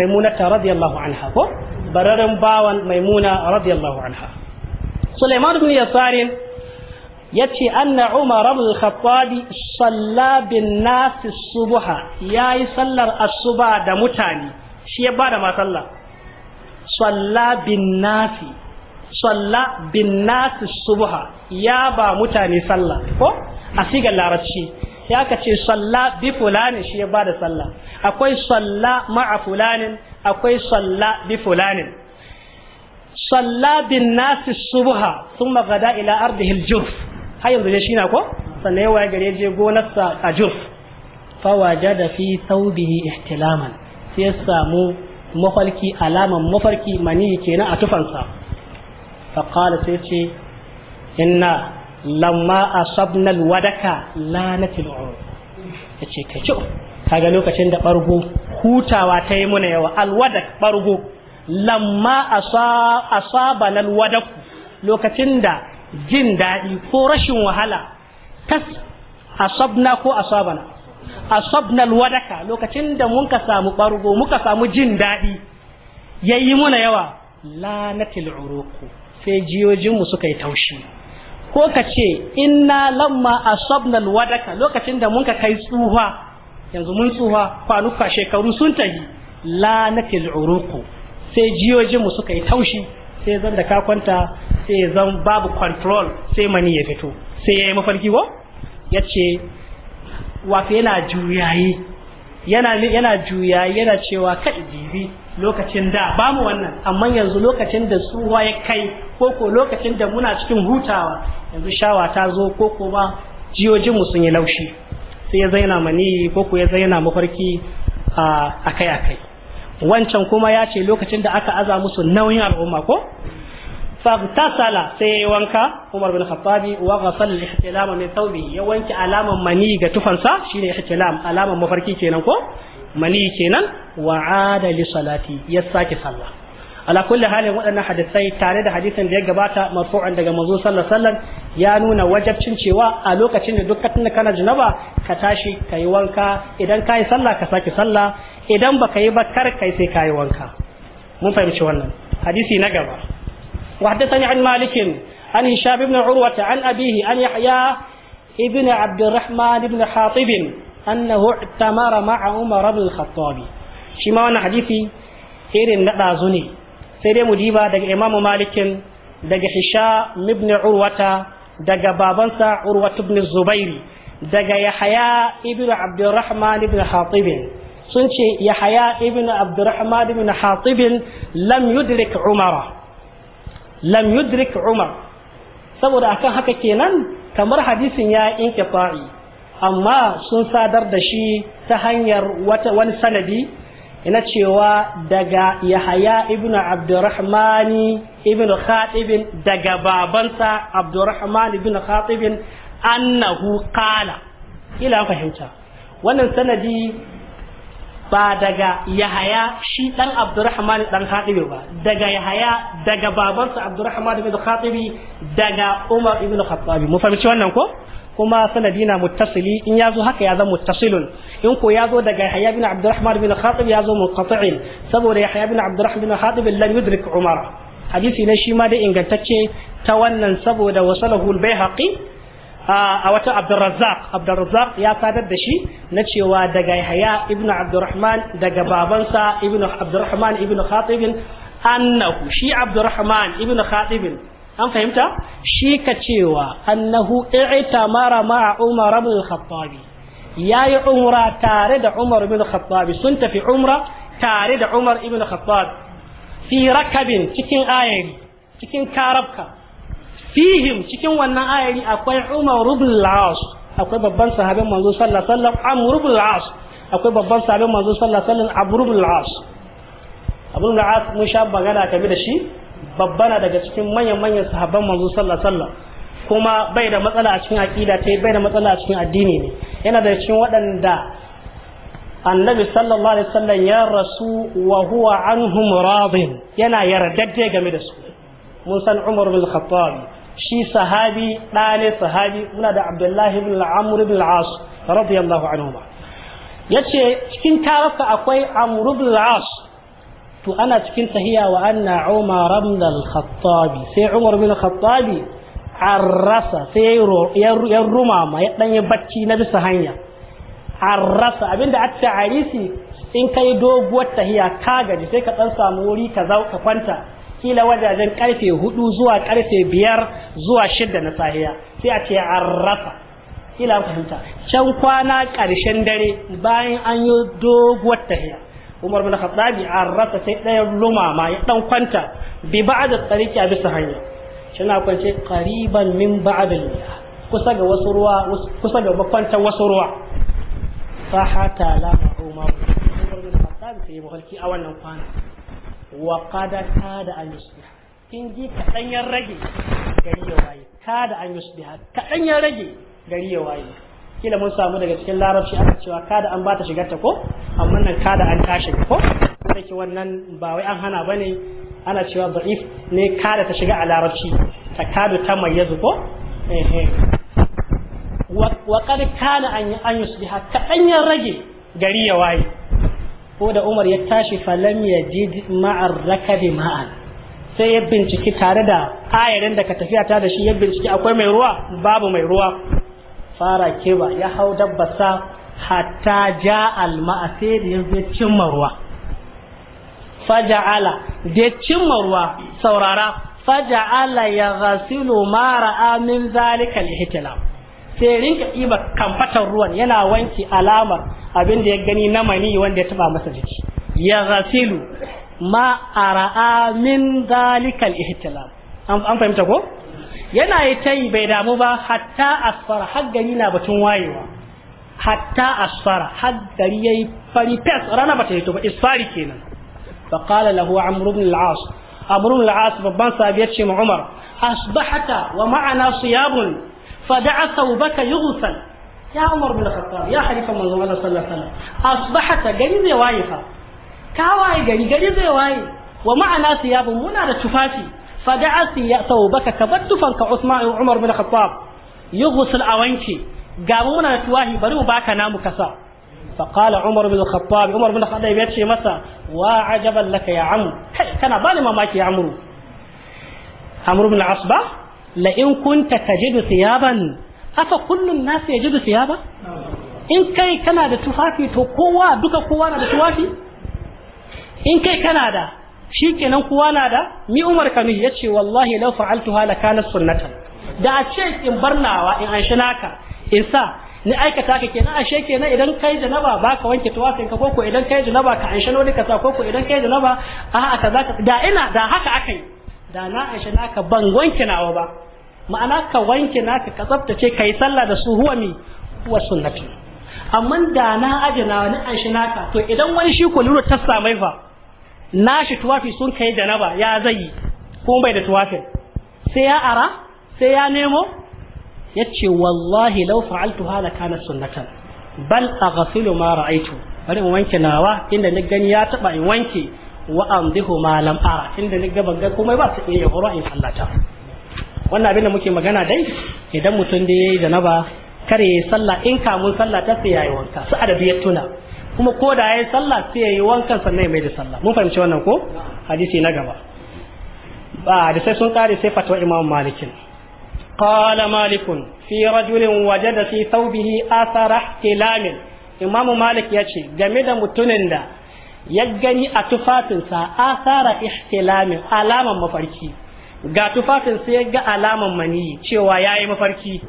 [SPEAKER 1] maimuna radiyallahu anha ko bararan bawan maimuna radiyallahu anha sulaiman ibn yasar yace anna umar ibn al-khattab salla bin nas subha yayi sallar asuba da mutane shi ya bada ma sallah nasi salla bin nasi subha ya ba mutane sallah ko a siga larabci ya ka ce salla bi fulani shi ya da salla akwai salla ma'a fulanin akwai salla bi fulanin salla bin nasi subha sun magada ila ardihil jurf har yanzu dai shi na ko sannan yawa gare je gonarsa a jurf da fi thawbihi ihtilaman sai ya samu mafarki alaman mafarki mani kenan a tufansa فقال سيتي إنا لما أصبنا الودك لانت العروض yace kai ciu kaga lokacin da bargo hutawa ta yi muna yawa alwadak bargo lamma asaba nal lokacin da jin daɗi ko rashin wahala tas asabna ko asabana asabnal wadaka lokacin da mun ka samu bargo muka samu jin daɗi yayi muna yawa lanatil uruku sai jiyojinmu suka yi taushi ko ka ce ina lamma asabna wadaka lokacin da mun ka kai tsuha yanzu mun tsuha kwanuka shekaru sun tafi la lanatil uruku sai jiyojinmu suka yi taushi sai zan da ka kwanta sai zan babu control sai mani ya fito sai ya yi mafarki ko ya ce wafe yana juyayi yana cewa kai bibi lokacin da ba mu wannan amma yanzu lokacin da tsuwa ya kai ko ko lokacin da muna cikin hutawa yanzu shawa ta zo ko ko ba mu sun yi laushi sai ya zaina mani ko ko ya zaina mafarki a kai a kai wancan kuma ya ce lokacin da aka aza musu nauyin al'umma ko ta sala sai ya yi wanka umar bin khattabi wa ghasal ihtilama min thawbi ya wanke alaman mani ga tufansa shine ihtilam alaman mafarki kenan ko mani kenan wa ada li salati ya sake sallah ala kulli halin waɗannan hadisai tare da hadisin da ya gabata marfu'an daga manzo sallallahu alaihi ya nuna wajabcin cewa a lokacin da duk kana junaba ka tashi kai wanka idan kai sallah ka sake sallah idan baka yi ba kar kai sai kai wanka mun fahimci wannan hadisi na gaba wa haddathani an malikin an hishab ibn urwa an abihi an yahya ibn abdurrahman ibn hatib annahu tamara ma'a umar ibn al-khattab shi ma wannan hadisi irin na dazu ne sai dai mu diba daga imamu malikin daga hisha ibn urwata daga babansa urwatu ibn daga yahaya ibn abdurrahman ibn hatib sun ce yahaya ibn abdurrahman ibn hatib lam yudrik umara lam yudrik umar saboda akan haka kenan kamar hadisin ya faɗi. amma sun sadar da shi ta hanyar wani sanadi ina cewa daga yahaya ibn abdurrahman ibn khatibin daga babansa abdurrahman ibn khatibin annahu qala ila fahimta wannan sanadi ba daga yahaya shi dan abdurrahman dan khatibi ba daga yahaya daga babansa abdurrahman ibn khatibi daga umar ibn khattabi mu fahimci wannan ko kuma sanadi na muttasili in yazo haka ya zama muttasilun in ko yazo daga Yahya bin Abdurrahman bin Khatib yazo munqati'in saboda Yahya bin Abdurrahman bin Khatib lam yudrik Umar hadisi ne shi ma da ingantacce ta wannan saboda wasalahu al-Baihaqi a wata Abdurrazzaq Abdurrazzaq ya sadar da shi na cewa daga Yahya ibn Abdurrahman daga babansa ibn Abdurrahman ibn Khatib annahu shi Abdurrahman ibn Khatib an fahimta shi ka cewa annahu i'tamara ma'a umar ibn yayi umra tare da umar ibn sun tafi umra tare da umar ibn al fi rakabin cikin ayari cikin karabka fihim cikin wannan ayari akwai umar ibn akwai babban sahabin manzo sallallahu alaihi wasallam ibn akwai babban sahabin manzo sallallahu alaihi wasallam ibn ibn mun sha magana tabi da shi babbana daga cikin manyan manyan sahabban manzo sallallahu alaihi kuma bai da matsala a cikin aqida ta bai da matsala a cikin addini ne yana da cikin waɗanda annabi sallallahu alaihi wasallam ya rasu wa huwa anhum radin yana yardadde game da su mun san umar bin khattab shi sahabi ɗane sahabi muna da abdullahi bin amr bin al-as radiyallahu anhu yace cikin tarasa akwai amr bin al-as to ana cikin tahiya wa anna umar ibn al-khattabi sai umar ibn al-khattabi arrasa sai ya rumama ya dan yi bacci na bisa hanya arrasa abinda a ta arisi in kai doguwar tahiya ka gaji sai ka dan samu wuri ka zau ka kwanta kila wajajen karfe hudu zuwa karfe biyar zuwa shidda na sahiya sai a ce arrasa kila fahimta can kwana karshen dare bayan an yi doguwar tahiya umar bin khattabi rasa sai ɗaya lumama ya dan kwanta bi ba'da tsariki a bisa hanya shina kwance qariban min ba'dil miya kusa ga wasu ruwa kusa ga makwantar wasu ruwa fa hata la umar
[SPEAKER 2] umar bin khattabi
[SPEAKER 1] sai mahalki a wannan kwana wa ta da an yusbih in ji kadan ya rage gari ya waye kada an yusbih kadan ya rage gari ya waye kila mun samu daga cikin larabci aka cewa kada an bata shigar ta ko amma nan ka da an tashi ko da wannan ba wai an hana bane ana cewa da'if ne ka da ta shiga a larabci ta kadu ta mayyazu ko wa kad kana an an yusbiha ta hanyar rage gari ya waye ko da Umar ya tashi falam yajid ma'ar rakabi ma'an sai ya binciki tare da ayarin da ka tafiya ta da shi ya binciki akwai mai ruwa babu mai ruwa fara keba ya hau dabbasa hatta ja alma'a sai da ya cimma ruwa faja'ala da cimma ruwa saurara faja'ala ya ghasilu ma ra'a zalika al-ihtilam sai rinka iba kamfatar ruwan yana wanki alamar abin da ya gani na mani wanda ya taba masa jiki ya ghasilu ma ara'a min zalika al-ihtilam an fahimta ko yana yi ta yi bai damu ba hatta asfara har gani na batun wayewa hatta asfara har gari yayi fari fes rana bata hito ba isfari kenan fa qala lahu amr ibn al-as amr ibn al-as babban sahabi yace ma umar asbahata wa ma'ana siyabun fada'a thawbaka yughsal ya umar bin al-khattab ya halifa manzon Allah sallallahu alaihi wasallam asbahata gari zai waye fa ka waye gari gari zai waye wa ma'ana siyabun muna da tufafi fada'a thawbaka ka bar tufanka usman umar bin al-khattab yughsal awanki ga muna da tuwahi bari mu baka namu kasa fa qala umar bin al-khattab umar bin al-khattab ya ce masa wa ajaban laka ya amru kai kana bani mamaki ya amru amru bin al-asba la in kunta tajidu thiyaban afa kullun nas yajidu thiyaba in kai kana da tufafi to kowa duka kowa na da tufafi in kai kana da shikenan kowa na da mi umar kanu ce wallahi law fa'altuha lakana sunnatan da a ce in barnawa in an shi naka isa ni aikata ka kenan ashe kenan idan kai janaba ba ka wanke tuwafin ka koko idan kai janaba ka anshe lodi ka sa koko idan kai janaba a haka zaka da ina da haka akai da na anshe naka ban wanke nawa ba ma'ana ka wanke naka ka tsaftace kai sallah da su huwa mi huwa sunnati amma da na aje nawa ni anshe naka to idan wani shi ko lura ta samai fa nashi tuwafi sun kai janaba ya zai kuma bai da tuwafin sai ya ara sai ya nemo yace wallahi law fa'altu hala kana sunnatan bal aghsilu ma ra'aytu bari mu wanke nawa inda ni gani ya taba in wanke wa amdihu ma lam ara inda ni gaban ga komai ba su iya horo in sallata wannan abin da muke magana dai idan mutum da yayi janaba kare yayi sallah in kamun sallah ta sai yayi wanka su adabi ya tuna kuma ko da yayi sallah sai yayi wankan sannan ya mai da sallah mun fahimci wannan ko hadisi na gaba ba da sai sun kare sai fatwa imam malikin قال مالك في رجل وجد في ثوبه آثار احتلام إمام مالك يأتي جمد متنندا يجني أتفاتنسا آثار احتلام alaman مفركي ga tufafin ya ga alaman maniyi cewa ya yi mafarki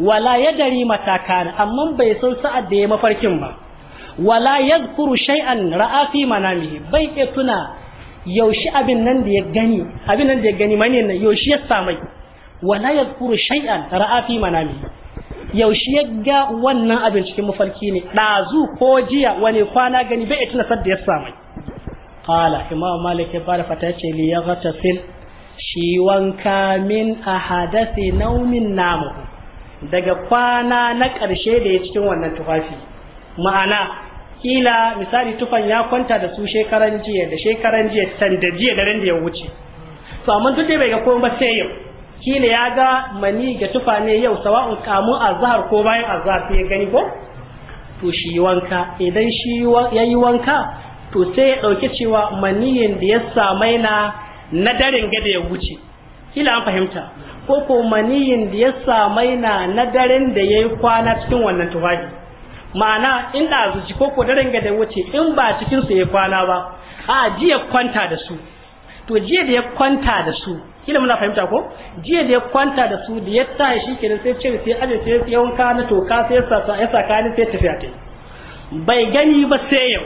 [SPEAKER 1] wala ya dari matakan amma bai san sa'ad da ya mafarkin ba wala ya zukuru shay'an ra'afi manami bai iya tuna yaushe abin nan da ya gani abin nan da ya gani mani yaushe ya samai wala kuru shay'an ra'a fi manami yaushe ya ga wannan abin cikin mafarki ne dazu ko jiya wani kwana gani bai tuna sadda ya samu qala imam malik ya fara fata ce li yaghtasil shi wanka min ahadathi naumin namu daga kwana na ƙarshe da ya cikin wannan tufafi ma'ana kila misali tufan ya kwanta da su shekaran jiya da shekaran jiya can da jiya da da ya wuce to amma duk da bai ga komai ba sai yau shine ya ga mani ga tufa ne yau sawa'un kamun azhar ko bayan azhar sai ya gani ko to shi wanka idan shi ya yi wanka to sai ya dauki cewa maniyin da ya samai na na daren gada ya wuce kila an fahimta ko ko maniyin da ya samai na na daren da ya yi kwana cikin wannan tufafi ma'ana in da zuci ko ko daren gada ya wuce in ba cikin su ya kwana ba a jiya kwanta da su to jiya da ya kwanta da su kila muna fahimta ko jiya da ya kwanta da su da ya tashi shi kenan sai ce sai aje sai ya wanka na toka sai ya sa ya sa ni sai tafiya ta bai gani ba sai yau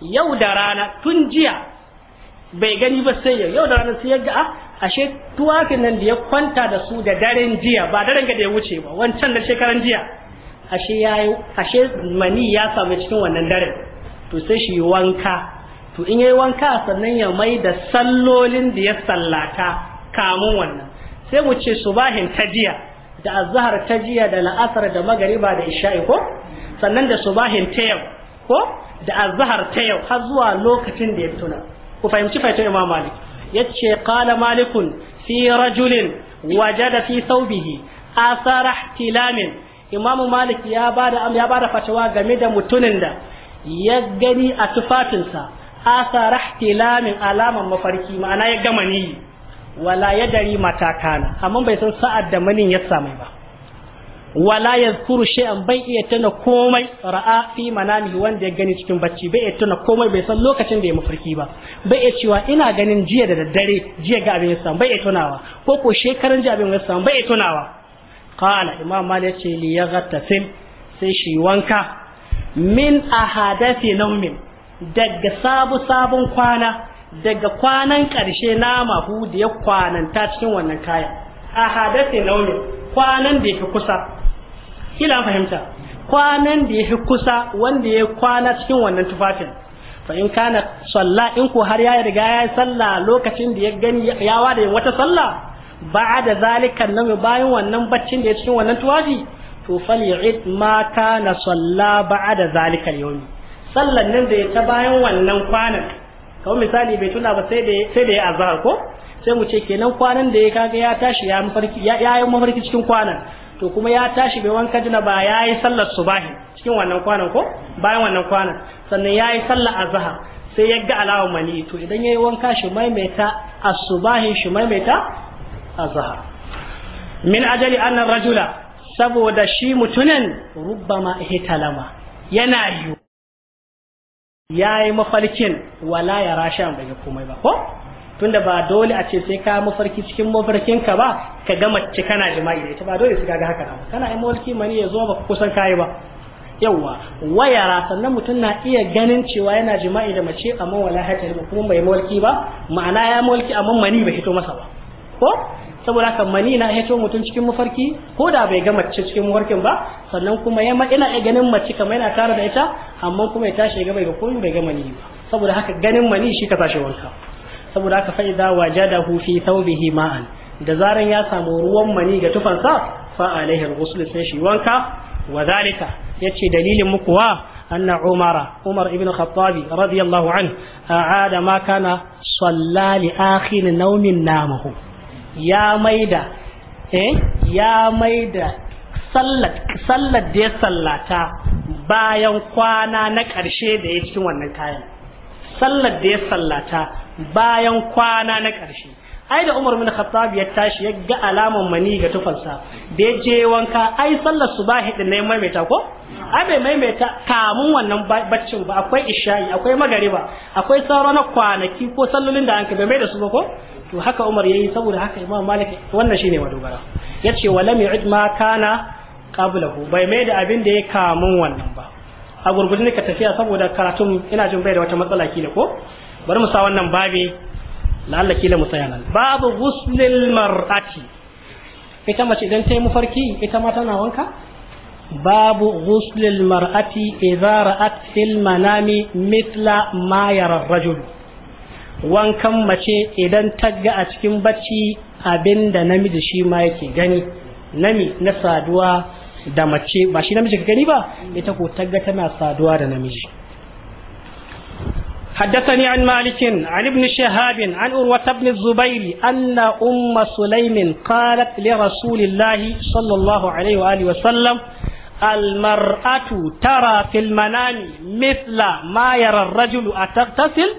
[SPEAKER 1] yau da rana tun jiya bai gani ba sai yau yau da rana sai ya ga ah, ashe tuwafin nan da ya kwanta da su da daren jiya ba daren ga da ya wuce ba wancan da shekaran jiya ashe yayi ashe mani ya samu cikin wannan daren to sai shi wanka to in yayi wanka sannan ya mai da sallolin da ya sallata kamun wannan sai mu ce subahin jiya da azhar tajiya da la'asar da magariba da isha'i ko sannan da subahin ta yau ko da azhar ta yau har zuwa lokacin da ya tuna ku fahimci fahimtar imam malik yace qala malikun fi rajulin wajada fi thawbihi asara ihtilamin imam malik ya bada ya bada fatawa game da mutunin da ya gani a tufafinsa asara ihtilamin alaman mafarki ma'ana ya gama niyi wala ya dari mata kana amma bai san sa'ad da manin ya mai ba wala ya shi an bai iya tana komai ra'a fi manami wanda ya gani cikin bacci bai iya tana komai bai san lokacin da ya mafarki ba bai iya cewa ina ganin jiya da daddare jiya ga abin ya samu bai iya tunawa ko ko shekaran jiya abin ya samu bai iya tunawa kana imam ya ce li yaghtasil sai shi wanka min nan min daga sabu sabon kwana daga kwanan ƙarshe nama hu da ya kwananta cikin wannan kaya a hadasi nauyin kwanan da ya fi kusa ila fahimta kwanan da ya fi kusa wanda ya kwana cikin wannan tufafin fa in kana sallah in ko har ya riga ya yi sallah lokacin da ya gani ya wada wata sallah ba'da zalika nan bayan wannan baccin da ya cikin wannan tufafi to falyid ma kana salla ba'da zalika al-yawm sallan nan da ya ta bayan wannan kwanan kawai misali bai tuna ba sai da sai a ya azhar ko sai mu ce kenan kwanan da ya kaga ya tashi ya yi mafarki cikin kwanan to kuma ya tashi bai wanka jina ba ya yi sallar subahi cikin wannan kwanan ko bayan wannan kwanan sannan ya yi sallar azhar sai ya ga alawar mani to idan ya yi wanka shi maimaita asubahi shi maimaita azhar min ajali annar rajula saboda shi mutunan rubbama ihtalama yana yiwu ya yi mafarkin wala ya rasha bai komai ba ko tunda ba dole a ce sai ka mafarki cikin mafarkin ka ba ka ga mace kana jima'i da ita ba dole sai ka ga haka ba kana yi mafarki mani ya zo ba kusan kai ba yawa wayara sannan mutum na iya ganin cewa yana jima'i da mace amma wala hata ba kuma bai mafarki ba ma'ana ya mafarki amma mani bai hito masa ba ko saboda haka mani na hito mutum cikin mafarki ko da bai ga mace cikin mafarkin ba sannan kuma ya ma ina ganin mace kamar yana tare da ita amma kuma ya tashi ya ga bai ga komai bai ga mani ba saboda haka ganin mani shi ka sashi wanka saboda haka fa idza wajadahu fi thawbihi ma'an da zaran ya samu ruwan mani ga tufansa fa alaihi al-ghusl sai shi wanka wa zalika yace dalilin muku wa anna umara umar ibn khattabi radiyallahu anhu a'ada ma kana sallali akhir naumin namahu ya maida eh, ya maida sallar da ya sallata bayan kwana na ƙarshe da ya cikin wannan kayan sallar da ya sallata bayan kwana na ƙarshe ai da Umar min Khattab ya tashi ya ga alaman mani ga tufansa da ya je wanka ai sallar subahi din ya maimaita ko ai bai maimaita kamun wannan baccin ba akwai isha'i akwai magariba akwai na kwanaki ko sallolin da an ka bai da su ba ko to haka Umar yayi saboda haka Imam Malik wannan shine madogara yace walam yu'id ma kana qablahu bai mai da abin da ya kamun wannan ba a gurgurdin ka tafiya saboda karatun ina jin bai da wata matsala kila ko bari mu sa wannan babi la'alla kila mu tsaya nan babu ghuslil mar'ati ita mace idan ta yi mafarki ita ma tana wanka babu ghuslil mar'ati idza ra'at fil manami mithla ma yara rajul wankan mace idan tagga a cikin bacci abinda namiji shi ma yake gani nami na saduwa da mace ba shi namiji ka gani ba ita ko tagga tana saduwa da namiji حدثني عن مالك عن ابن شهاب عن أروة بن الزبير أن أم سليم قالت لرسول الله صلى الله عليه وآله وسلم المرأة ترى في المنام مثل ما يرى الرجل أتغتسل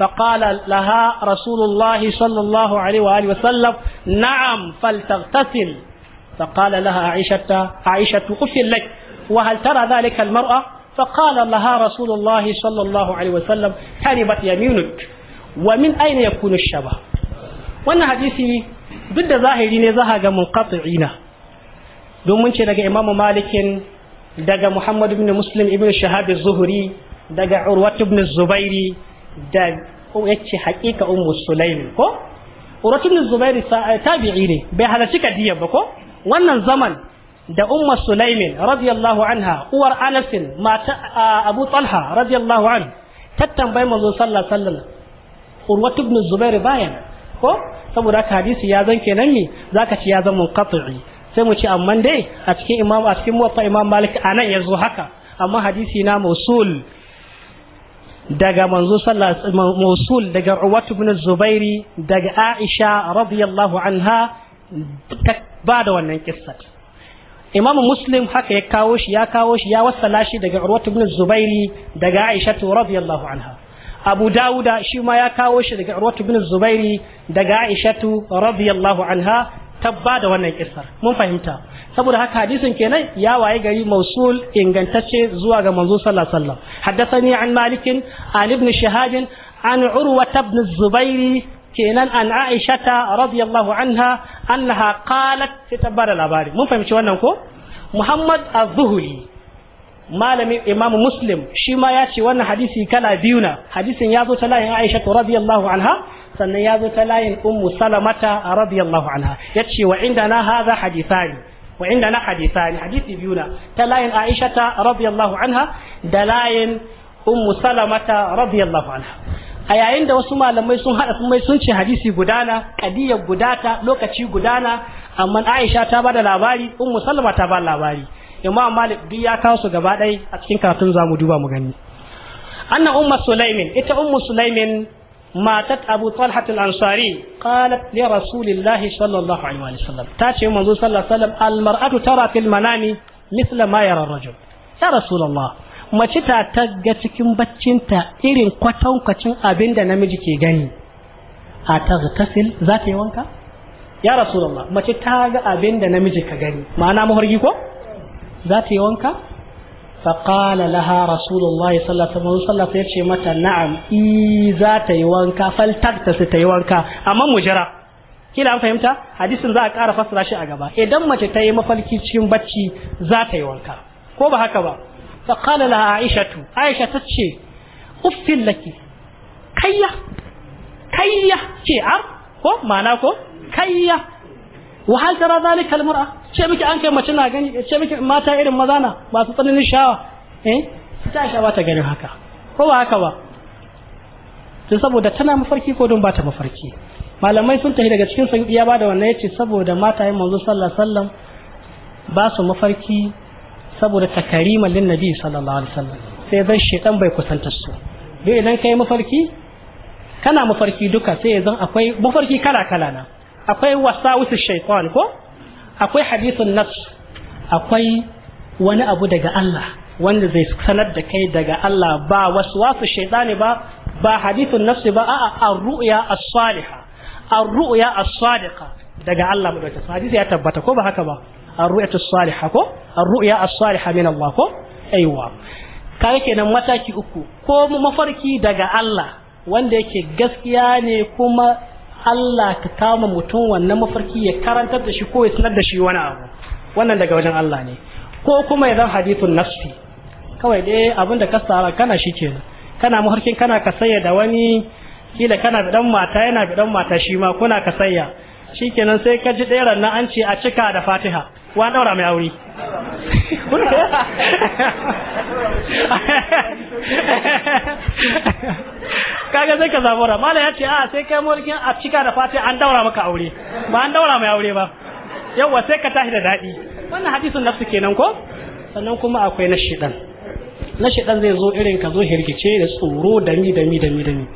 [SPEAKER 1] فقال لها رسول الله صلى الله عليه وآله وسلم نعم فلتغتسل فقال لها عائشة عائشة أف لك وهل ترى ذلك المرأة فقال لها رسول الله صلى الله عليه وسلم كذبت يمينك ومن أين يكون الشبه wannan hadisi duk da zahiri ne za ga munqati'ina domin ce daga imamu malikin daga muhammad ibn muslim ibn shahab az-zuhri daga urwat ibn zubairi da yace haqiqa ummu sulaim ko uratun zubair eh, tabi'i ne bai halarci kadiyar ba ko wannan zaman da ummu sulaim radiyallahu anha uwar anas mata abu talha radiyallahu anhu ta tambayi manzo sallallahu alaihi wasallam urwatu ibn zubair bayan ko saboda haka hadisi ya zan kenan me zaka ci ya zan munqati sai mu ci amma dai a cikin imam a cikin muwatta imam malik anan yazo haka amma hadisi na mausul daga manzo sallallahu alaihi daga Uwatu ibn Zubairi daga Aisha radiyallahu anha ta ba da wannan kissa Imam Muslim haka ya kawo shi ya kawo shi ya wassala shi daga Uwatu ibn Zubairi daga Aisha radiyallahu anha Abu Dawuda shi ma ya kawo shi daga Urwatu bin Zubairi daga Aishatu radiyallahu anha tabba da wannan kissar mun fahimta saboda haka hadisin kenan ya waye gari mausul ingantacce zuwa ga manzo sallallahu alaihi wasallam haddathani an malik an ibn shihab an urwa ibn zubair kenan an aishata radiyallahu anha annaha qalat sai tabbara labari mun fahimci wannan ko muhammad az-zuhri malamin Imam muslim shi ma ya ce wannan hadisi kala biyu na hadisin ya zo ta layin aisha radiyallahu anha sannan ya zo ta layin ummu salamata radiyallahu anha ce wa inda na hadha hadisani. wa na hadithani hadithi biyu na ta layin Aisha aishata radiyallahu anha da layin ummu salamata radiyallahu anha a yayin da wasu malamai sun hada sun mai sun ce hadisi gudana kadiyar gudata lokaci gudana amma aisha ta bada labari ummu salama ta bada labari imam malik duk ya kawo su gaba ɗaya a cikin karatun zamu duba mu gani anna ummu sulaimin ita ummu sulaimin matat abu talhat al-ansari qalat li rasulillahi sallallahu alaihi wa sallam ta ce manzo sallallahu alaihi wa sallam al-mar'atu tara fil manami mithla ma yara ar-rajul ya rasulullah mace ta taga cikin baccinta irin kwatankwacin abin da namiji ke gani a tagtasil za ta yi wanka ya rasulullah mace ta ga abinda namiji ka gani ma'ana mahorgi ko za ta yi wanka فقال لها رسول الله صلى الله عليه وسلم يتشي متى نعم إذا تيوانكا فلتغتس تيوانكا أما مجرى kila an fahimta hadisin za a ƙara fassara shi a gaba idan mace ta yi mafalkicin cikin bacci za ta yi wanka ko ba haka ba fa qala laha aisha ta ce uffin laki kayya kayya ce ko ma'ana ko kayya wa hal tara zalika al mar'a ce miki an kai mace na gani ce miki mata irin maza na ba su tsananin shawa eh ta shawa ta gani haka ko ba haka ba to saboda tana mafarki ko don ba ta mafarki malamai sun tafi daga cikin sun iya ba da wannan yace saboda mata yin manzo sallallahu alaihi wasallam ba su mafarki saboda takariman lin nabi sallallahu alaihi wasallam sai zan shedan bai kusanta su dai idan kai mafarki kana mafarki duka sai yanzu akwai mafarki kala kala na akwai wasawisu shaitan ko akwai hadithun nas akwai wani abu daga Allah wanda zai sanar da kai daga Allah ba wasu shaitani ba ba hadithun nas ba a'a ar-ru'ya as-saliha ar-ru'ya as-sadiqa daga Allah mu dace hadisi ya tabbata ko ba haka ba ar-ru'ya as-saliha ko ar-ru'ya as-saliha min Allah ko aiwa kare kenan mataki uku ko mafarki daga Allah wanda yake gaskiya ne kuma Allah ka kama mutum wannan mafarki ya karantar da shi ko ya sanar da shi wani abu wannan daga wajen Allah ne ko kuma ya zama hadithun nafsi kawai dai abin da ka tsara kana shi kenan kana mafarkin kana ka sayya da wani kila kana dan mata yana dan mata shi ma kuna ka sayya shikenan sai ka ji ɗeran na an ce a cika da fatiha wa an daura mai aure kaga sai ka zabura mala ya ce a ah, sai kai mulkin a cika da fati an daura maka aure ba an daura mai aure ba yawa sai ka tashi da dadi. wannan hadisin nafsu kenan ko sannan kuma akwai na shedan. na shedan zai zo irin ka zo hirgice da tsoro da mi da mi.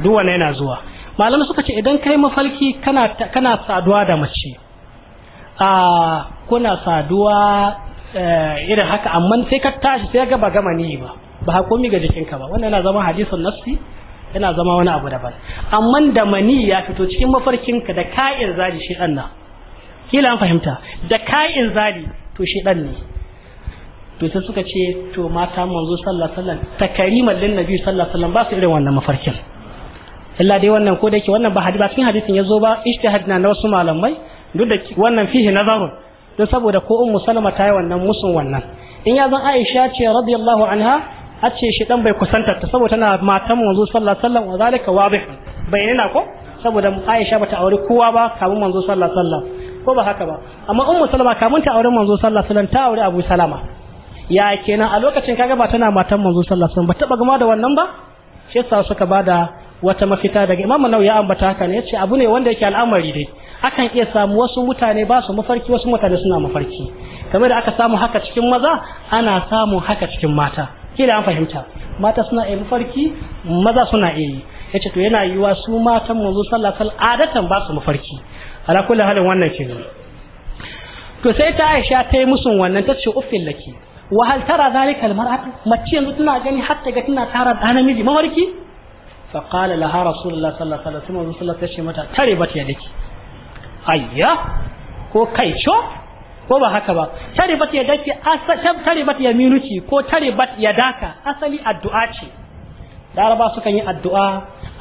[SPEAKER 1] duk wannan yana zuwa malamai suka ce idan kai mafarki kana kana saduwa da mace a kuna saduwa eh, irin haka amma sai ka tashi sai ga ba gama ni ba ba ha komi ga jikinka ba wannan yana zama hadisin nafsi yana zama wani abu daban amma da mani ya fito cikin mafarkinka da ka'in zali shi ɗan nan kila an fahimta da ka'in zali to shi ɗan ne to sai suka ce to mata manzo sallallahu alaihi wasallam takariman lin nabi sallallahu alaihi wasallam ba su irin wannan mafarkin illa dai wannan ko da yake wannan ba hadisi ba cikin hadisin yazo ba ijtihad na wasu malamai duk da wannan fihi nazarun don saboda ko ummu salama ta yi wannan musun wannan in ya zan aisha ce radiyallahu anha a ce shi dan bai kusanta ta saboda tana matan manzo sallallahu alaihi wasallam wa zalika wadih bayyana ko saboda aisha bata aure kowa ba kamun manzo sallallahu alaihi wasallam ko ba haka ba amma ummu salama kamun ta aure manzo sallallahu alaihi wasallam ta aure abu salama ya kenan a lokacin kaga ba tana matan manzo sallallahu alaihi wasallam ba taba gama da wannan ba shi yasa suka bada wata mafita daga imamu nau ya ambata haka ne yace abu ne wanda yake al'amari dai akan iya samu wasu mutane ba su mafarki wasu mutane suna mafarki kamar da aka samu haka cikin maza ana samu haka cikin mata kila an fahimta mata suna iya mafarki maza suna iya yace to yana yiwa su matan manzo sallallahu alaihi wasallam adatan ba su mafarki ala kulli halin wannan kenan to sai ta Aisha ta yi musun wannan ta ce uffin laki wa hal tara zalika al mace yanzu tana gani har ta ga tana tara da namiji mafarki fa qala laha rasulullah sallallahu alaihi wasallam sallallahu alaihi wasallam ta ce mata tare bata yadake ayya ko kaico ko ba haka ba taribat ya dake asashan taribat ya minuci ko taribat ya daka asali addu'a ce laraba sukan yi addu'a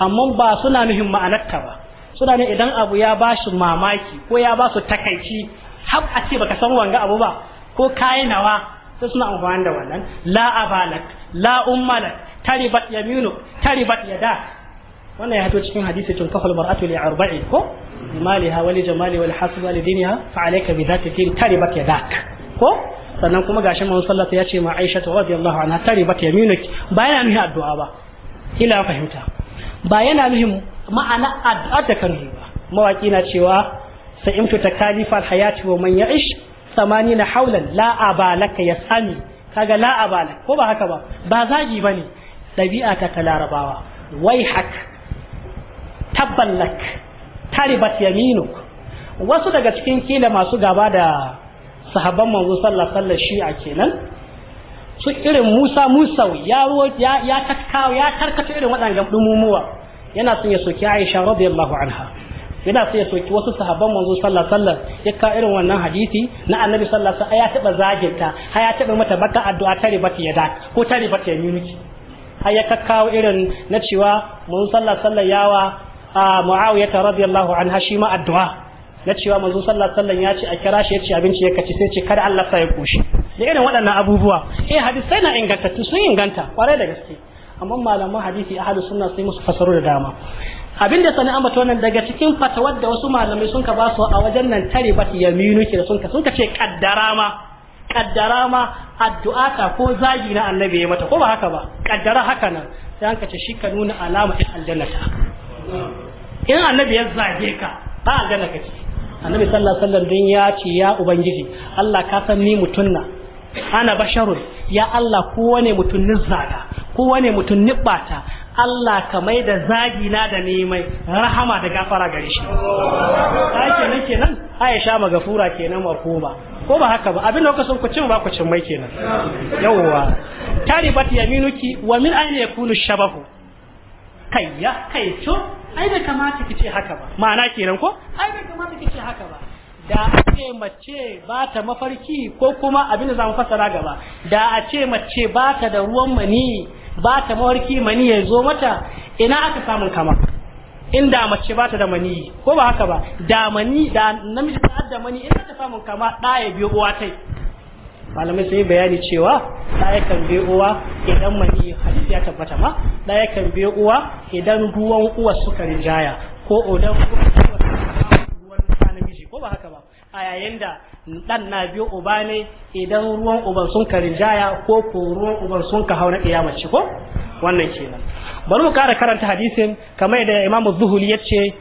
[SPEAKER 1] amma ba suna nuhin ma'anarta ba suna ne idan abu ya ba shi mamaki ko ya ba su takaici har a ce baka san wanga abu ba ko kayan nawa sai suna amfani da wannan la abalak la ummalak taribat yaminu taribat yada wannan ya hato cikin hadisi tun kafal bar'atu li arba'in ko limaliha wali jamali wal hasb wal dinha fa alayka bi dhati tin taribat yadak ko sannan kuma gashi mun sallata ya ce ma Aisha radiyallahu anha taribat yaminak ba yana nuhin addu'a ba ila fahimta ba yana nuhin ma'ana addu'a ta karhi ba mawaki na cewa sa'imtu takalifa hayati wa man ya'ish 80 hawlan la abalaka yas'ani kaga la abalaka ko ba haka ba ba zagi bane dabi'a ta larabawa wai hak tabbalak taribat yaminuk wasu daga cikin kila masu gaba da sahabban manzo sallallahu alaihi shi'a kenan su irin Musa Musa ya ya ya takkawa ya tarkata irin waɗannan dumumuwa yana son ya soki Aisha radiyallahu anha yana son ya soki wasu sahabban manzo sallallahu alaihi ya ka irin wannan hadisi na Annabi sallallahu alaihi ya taba zaginta har ya taba mata baka addu'a taribat yada ko taribat yaminuki har ya kakkawo irin na cewa mun sallah sallah yawa mu'awiyata radiyallahu anha shi ma addu'a na cewa manzo sallallahu alaihi wasallam ya ce a kira shi ya ci abinci ya kaci sai ce kada Allah sa ya kushi da irin waɗannan abubuwa eh hadisai na ingantattu sun inganta kwarai da gaske amma malaman hadisi ahlus sunna sai musu fasaro da dama Abinda da sani ambata wannan daga cikin fatawar da wasu malamai sun ka ba su a wajen nan tare ba yaminu ke da sun ka sun ka ce kaddara ma kaddara ma addu'a ta ko zagi na annabi ya mata ko ba haka ba kaddara haka nan sai an ka ce shi ka nuna alama ta aljannata in annabi ya zage ka ba ka ci annabi sallallahu alaihi wasallam din ya ce ya ubangiji Allah ka san ni mutun na ana basharun ya Allah wane mutun ni zaga wane mutun ni bata Allah ka mai da zagi na da mai rahama da gafara gare shi
[SPEAKER 3] ake kenan kenan
[SPEAKER 1] Aisha magafura kenan marhuma ko ba haka ba abin da kuka son ku ci ba ku ci mai kenan yawwa taribat yaminuki wa min ayna yakunu shabahu kayya kayto ai da kamata ki ce haka ba ma'ana kenan ko
[SPEAKER 2] ai da kamata ki ce haka ba
[SPEAKER 1] da a ce mace ba ta mafarki ko kuma abin da za mu fassara gaba da a ce mace ba ta da ruwan mani ba ta mafarki mani ya zo mata ina aka samun kama inda mace ba ta da mani ko ba haka ba da mani da namiji ta da mani ina ta samun kama ɗaya biyo uwa tai malamai sun yi bayani cewa da kan biyo uwa idan mani hadisi ya tabbata ma da kan biyo uwa idan ruwan uwa suka rijaya ko idan ruwan ta namiji ko ba haka ba a yayin da dan na biyo uba ne idan ruwan uban sun ka rijaya ko ko ruwan uban sun ka hau na kiyamaci ko wannan kenan bari mu kara karanta hadisin kamar da Imam Zuhuli yace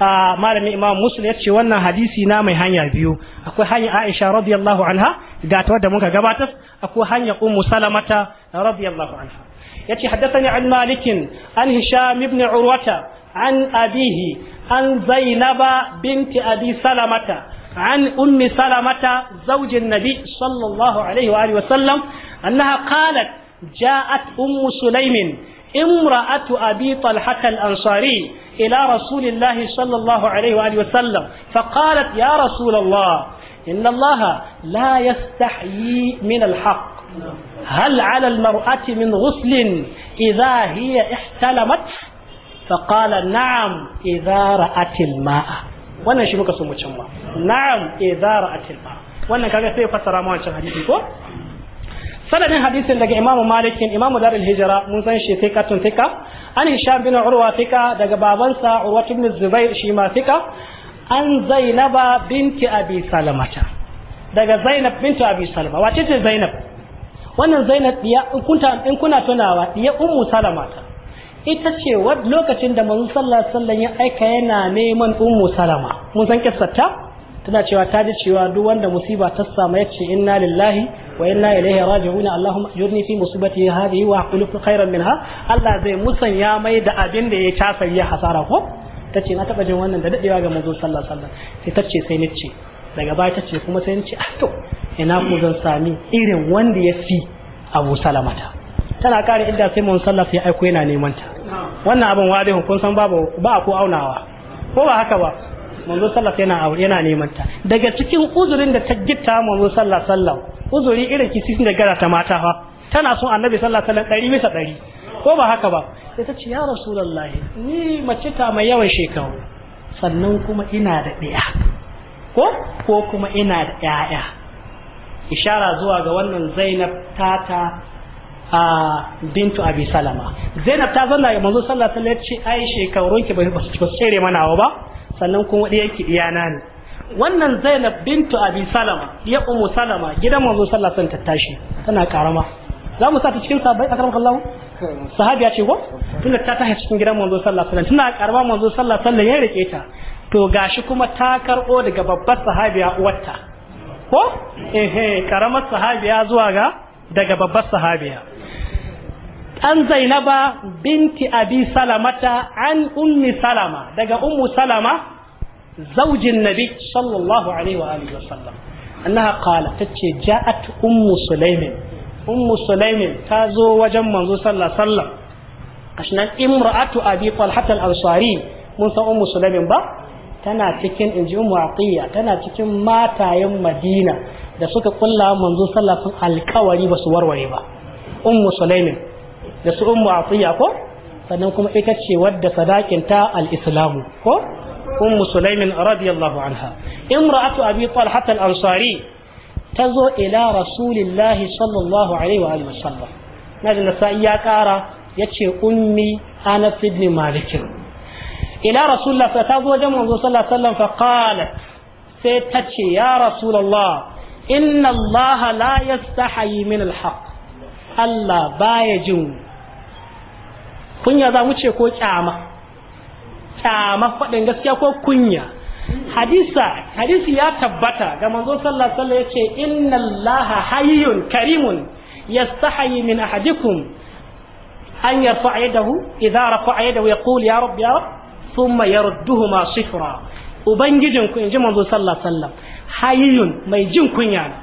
[SPEAKER 1] a malamin imam muslim ya ce wannan hadisi na mai hanya biyu akwai hanya aisha radiyallahu anha ga ta wadda muka gabatar akwai hanya ummu salamata radiyallahu anha yace haddathani an malikin an hisham ibn urwata an abihi an zainaba binti abi salamata عن أم سلمة زوج النبي صلى الله wa وآله annaha أنها قالت جاءت أم امرأة أبي طلحة الأنصاري إلى رسول الله صلى الله عليه وآله وسلم فقالت يا رسول الله إن الله لا يستحيي من الحق هل على المرأة من غسل إذا هي احتلمت فقال نعم إذا رأت الماء وانا شبك سمو نعم إذا رأت الماء وانا كاكا ma wannan kaga sai sanadin hadisin daga imamu malikin imamu darul hijira mun san shi fika tun fika an hisham bin urwa fika daga babansa urwa ibn zubair shi ma fika an zainaba binti abi salamata daga zainab binti abi salama wace ce zainab wannan zainab ya in kuna tunawa ya ummu salamata ita ce lokacin da manzon sallallahu alaihi wasallam ya aika yana neman ummu salama mun san kissarta tana cewa ta ji cewa duk wanda musiba ta samu yace inna lillahi وإنا إليه راجعون اللهم أجرني في مصيبتي هذه وأقول خيرا منها الله زي مسن يا ميد أبين دي تاسا يا حسارة هو تتشي أنا تبقى جوانا دا دي واغا مزو صلى الله عليه وسلم تتشي سينتشي daga baya ta ce kuma sai ce ato. ina ku zan sami irin wanda ya fi Abu Salamata tana kare inda sai mun sallah sai aiko yana neman ta wannan abin wadihu kun san babu ba ko aunawa ko ba haka ba sallah yana yana neman ta daga cikin uzurin da ta gitta manzo sallah sallah uzuri irin kisi da gara ta mata fa tana son annabi sallallahu alaihi wasallam ɗari bisa ɗari ko ba haka ba sai ta ce ya rasulullahi ni mace ta mai yawan shekaru sannan kuma ina da ɗaya ko ko kuma ina da ƴaƴa ishara zuwa ga wannan zainab tata a bintu abi salama zainab ta zanna ga manzo sallallahu alaihi wasallam ya ce ai shekarunki ba su tsere mana ba sannan kuma ɗiyanki ɗiyana ne wannan zainab bintu abi salama ya umu salama gidan manzo sallallahu alaihi wasallam tashi tana karama za mu sa ta cikin sahabbai akram kallahu sahabiya ce ko tunda ta tashi cikin gidan manzo sallallahu alaihi wasallam tana karama manzo sallallahu alaihi wasallam ya rike ta to gashi kuma ta karbo daga babbar sahabiya uwarta ko ehe karamar sahabiya zuwa ga daga babbar sahabiya an zainaba binti abi salamata an ummi salama daga ummu salama زوج النبي صلى الله عليه وآله وسلم أنها قالت تتشي جاءت أم سليم أم سليم تازو وجم منذ صلى الله عليه وسلم عشان امرأة أبي طلحة الأنصاري منذ أم سليم با tana cikin inji umu aqiya tana cikin matayen madina da suka kulla manzo sallallahu alkawari ba su warware ba ummu sulaimin da su ummu aqiya ko sannan kuma ita ce wadda sadakin ta al-islamu ko أم سليم رضي الله عنها امرأة أبي طلحة الأنصاري تزو إلى رسول الله صلى الله عليه وآله وسلم نجد النسائي قارا يتشي أمي في ابن مالك إلى رسول الله فتزو جمع صلى الله عليه وسلم فقالت ستتشي يا رسول الله إن الله لا يستحي من الحق الله بايجون كن يضع كوش أعمى kyama faɗin gaskiya ko kunya hadisa hadisi ya tabbata ga manzo sallallahu alaihi wasallam yace inna allaha hayyun karimun yastahi min ahadikum an yarfa yadahu idza rafa yadahu yaqul ya rabbi ya rabb thumma yarudduhuma sifra ubangijin ku inji manzo sallallahu alaihi wasallam hayyun mai jin kunya na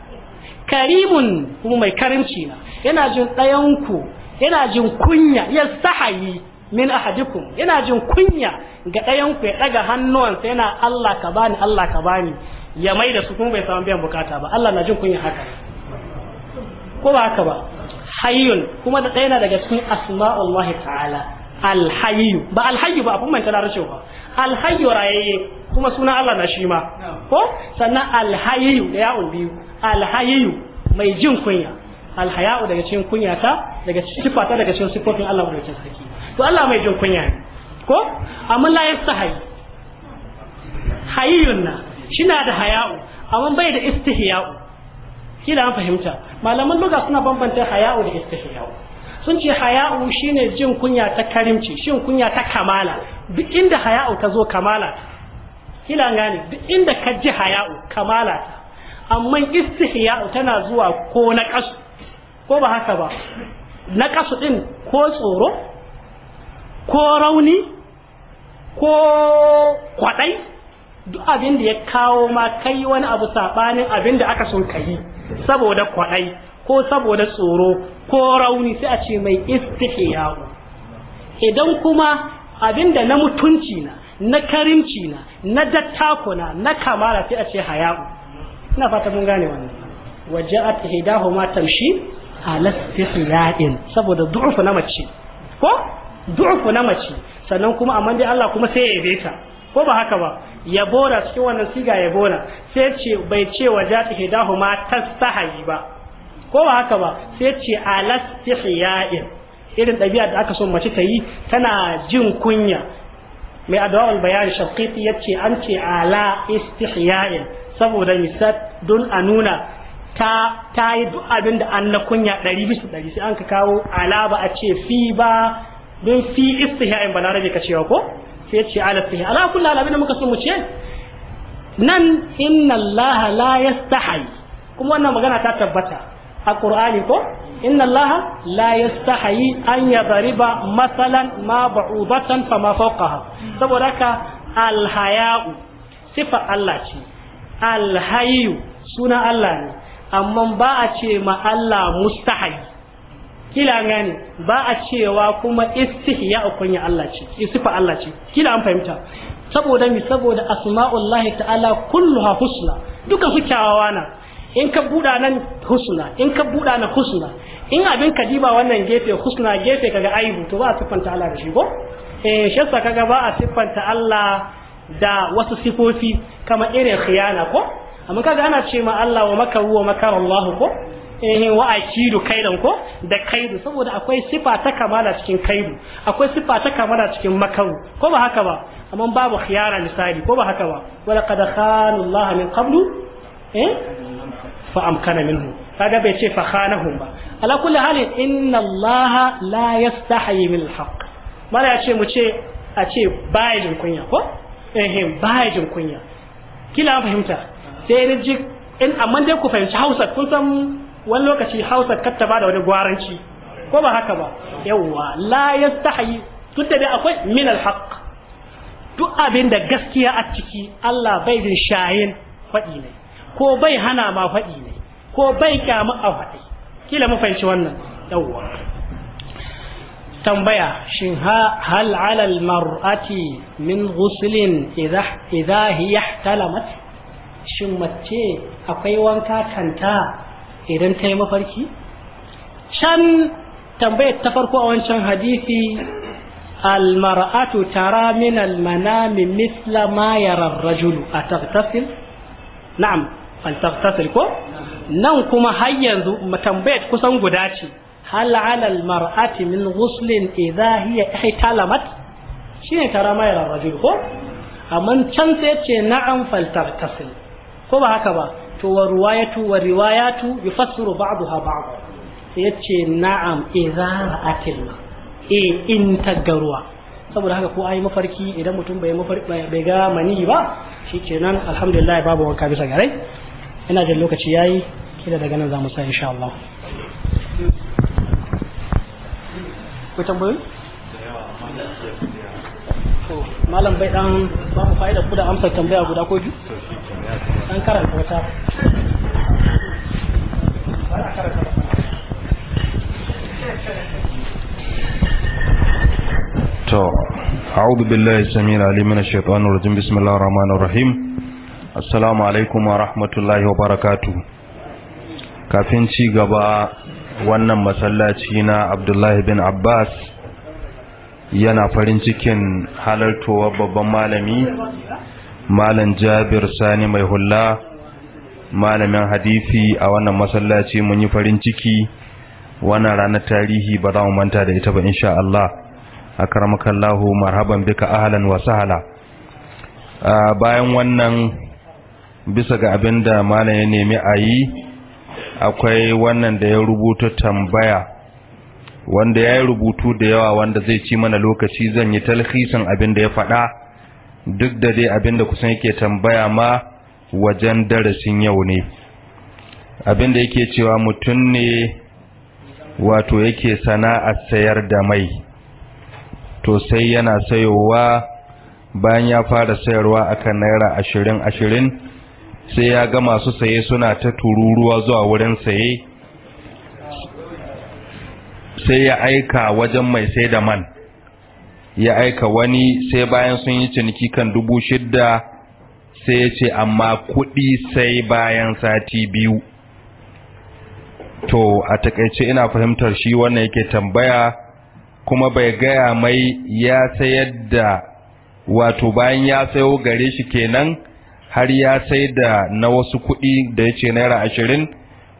[SPEAKER 1] karimun kuma mai karimci na yana jin ɗayan ku yana jin kunya yastahi min ahadikum yana jin kunya ga ɗayan ku ya ɗaga hannuwansa yana Allah ka bani Allah ka bani ya mai da su kuma bai samu biyan bukata ba Allah na jin kunya haka ko ba haka ba hayyun kuma da ɗaya na daga cikin asma'ullah ta'ala alhayyu ba alhayyu ba a kuma manta rashin ba alhayyu rayayye kuma suna Allah na shi ma ko sannan alhayyu da ya'un biyu alhayyu mai jin kunya alhaya'u daga cikin kunyata daga sifata daga cikin sifofin Allah madaukakin sarki to Allah mai jin kunya ne ko amma la yastahi hayyun na shina da haya'u amma bai da istihya'u kila an fahimta malaman lugha suna bambanta haya'u da istihya'u sun ce haya'u shine jin kunya ta karimci shin kunya ta kamala duk inda haya'u ta zo kamala kila an gane duk inda ka ji haya'u kamala ta amma istihya'u tana zuwa ko na kasu ko ba haka ba na kasu din ko tsoro ko rauni ko kwaɗai duk abin da ya kawo ma kai wani abu saɓanin abin da aka son kayi saboda kwaɗai ko saboda tsoro ko rauni sai a ce mai istihyawu idan kuma abin da na mutunci na na karimci na na dattakuna na kamala sai a ce hayau ina fata mun gane wannan waja'at shi tamshi ala istihyain saboda du'ufu na mace ko du'ufu na mace sannan kuma amma dai Allah kuma sai ya yabe ta ko ba haka ba ya bora cikin wannan siga ya bora sai ce bai ce wa jati hidahu ma tastahi ba ko ba haka ba sai ce alastihya'in irin ɗabi'a da aka so mace ta yi tana jin kunya mai adawal bayan shaqiqi yace an ce ala istihya'in saboda misal don a nuna ta ta yi duk abinda da an na kunya ɗari bisa ɗari sai an ka kawo ba a ce fi ba don fi istihya'in balarabe ka cewa ko sai ya ce ala istihya ala kullu abin da muka so mu ce nan inna allaha la yastahi kuma wannan magana ta tabbata a qur'ani ko inna allaha la yastahi an yadriba masalan ma ba'udatan fama fawqaha saboda ka alhaya'u sifa Allah ce alhayu suna Allah ne amma ba a ce ma Allah mustahayi kila gane ba a cewa kuma istihya kunya Allah ce isifa Allah ce kila an fahimta saboda mi saboda asma'ullahi ta'ala kulluha husna duka su kyawawa na in ka buda nan husna in ka buda na husna in abin ka diba wannan gefe husna gefe kaga aibu to ba a siffanta Allah da shi ko eh shesa kaga ba a siffanta Allah da wasu sifofi kamar irin khiyana ko amma kaga ana ce ma Allah wa makaru wa makarallahu ko eh wa akidu kaidan ko da kaidu saboda akwai sifa ta kamala cikin kaidu akwai sifa ta kamala cikin makaru ko ba haka ba amma babu khiyara misali ko ba haka ba wala qad khana Allah min qablu eh fa amkana minhu kaga bai ce fa khanahum ba ala kulli halin inna Allah la yastahi min al-haq mala ya ce mu ce a ce baya jin kunya ko eh baya jin kunya kila fahimta sai ni ji in amma dai ku fahimci Hausa kun san wani lokaci hausa katta ba da wani gwaranci ko ba haka ba yawwa la yastahi Duk da akwai min alhaq duk abin da gaskiya a ciki Allah bai bin shayin faɗi ne ko bai hana ma faɗi ne ko bai kyamu a faɗi kila mu fahimci wannan yawwa tambaya shin hal ala mar'ati min ghuslin idha idha hiya ihtalamat shin mace akwai wanka kanta idan ta yi mafarki can tambayar ta farko a wancan hadisi almar'atu tara min almanami misla ma yara rajulu a taghtasil na'am an taghtasil ko nan kuma har yanzu tambayar kusan guda ce hal ala almar'ati min ghuslin idha hiya ihtalamat shine tara ma yara rajulu ko amma can sai ce na'am faltaghtasil ko ba haka ba to wa ruwayatu wa riwayatu yufassiru ba'daha ba'd sai yace na'am idza eh, ra'atil ma e eh, in tagarwa saboda haka ko ayi mafarki idan mutum bai mafarki bai ga mani ba shikenan alhamdulillah babu wanka bisa garai ina jin lokaci yayi kila daga nan za mu sa insha Allah
[SPEAKER 3] ko tambayoyi malam bai dan ba fa'ida amsar tambaya guda ko an
[SPEAKER 1] karanta
[SPEAKER 2] wata
[SPEAKER 4] to أعوذ بالله السميع العليم من الشيطان الرجيم بسم الله الرحمن الرحيم السلام عليكم ورحمة الله وبركاته kafin ci gaba wannan masallaci na Abdullahi bin Abbas yana farin cikin halartowar babban malami malam jabir sani mai hula malamin hadisi a wannan masallaci mun yi farin ciki wannan ranar tarihi ba za mu manta da ita ba insha Allah akramakallahu marhaban bika ahlan wa sahala bayan wannan bisa ga abin da malam ya nemi a yi akwai wannan da ya rubuta tambaya wanda ya yi rubutu da yawa wanda zai ci mana lokaci zan yi talhisin abin da ya faɗa duk da dai abinda kusan yake tambaya ma wajen darasin yau ne abinda yake cewa mutum ne wato yake sana'ar sayar da mai to sai yana sayowa bayan ya fara sayarwa akan naira ashirin ashirin sai ya ga masu saye suna ta tururuwa zuwa wurin saye sai ya aika wajen mai sai da man ya aika wani sai bayan sun yi ciniki kan dubu shidda sai ya ce amma kuɗi sai bayan sati biyu to a takaice ina fahimtar shi wannan yake tambaya kuma bai gaya mai ya sayar da wato bayan ya sayo gare shi kenan har ya sai da na wasu kuɗi da ya ce naira ashirin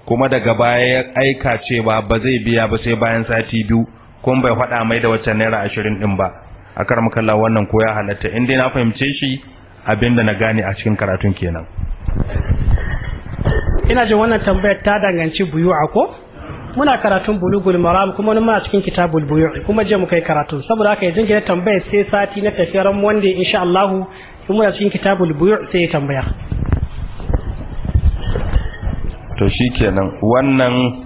[SPEAKER 4] kuma daga baya ya aika cewa ba zai biya ba sai bayan sati biyu kuma bai faɗa mai da wacce naira ashirin ɗin ba ma makalla wannan ko ya halatta in dai na fahimce shi abinda na gane a cikin karatun kenan
[SPEAKER 1] ina jin wannan tambayar ta danganci buyu'a ko muna karatun bulugul maram kuma muna cikin kitabul buyu'i kuma je mu kai karatu saboda haka yanzu ke tambayar sai sati na tafiyar wanda insha Allah in muna cikin kitabul buyu' sai tambaya
[SPEAKER 4] to shikenan wannan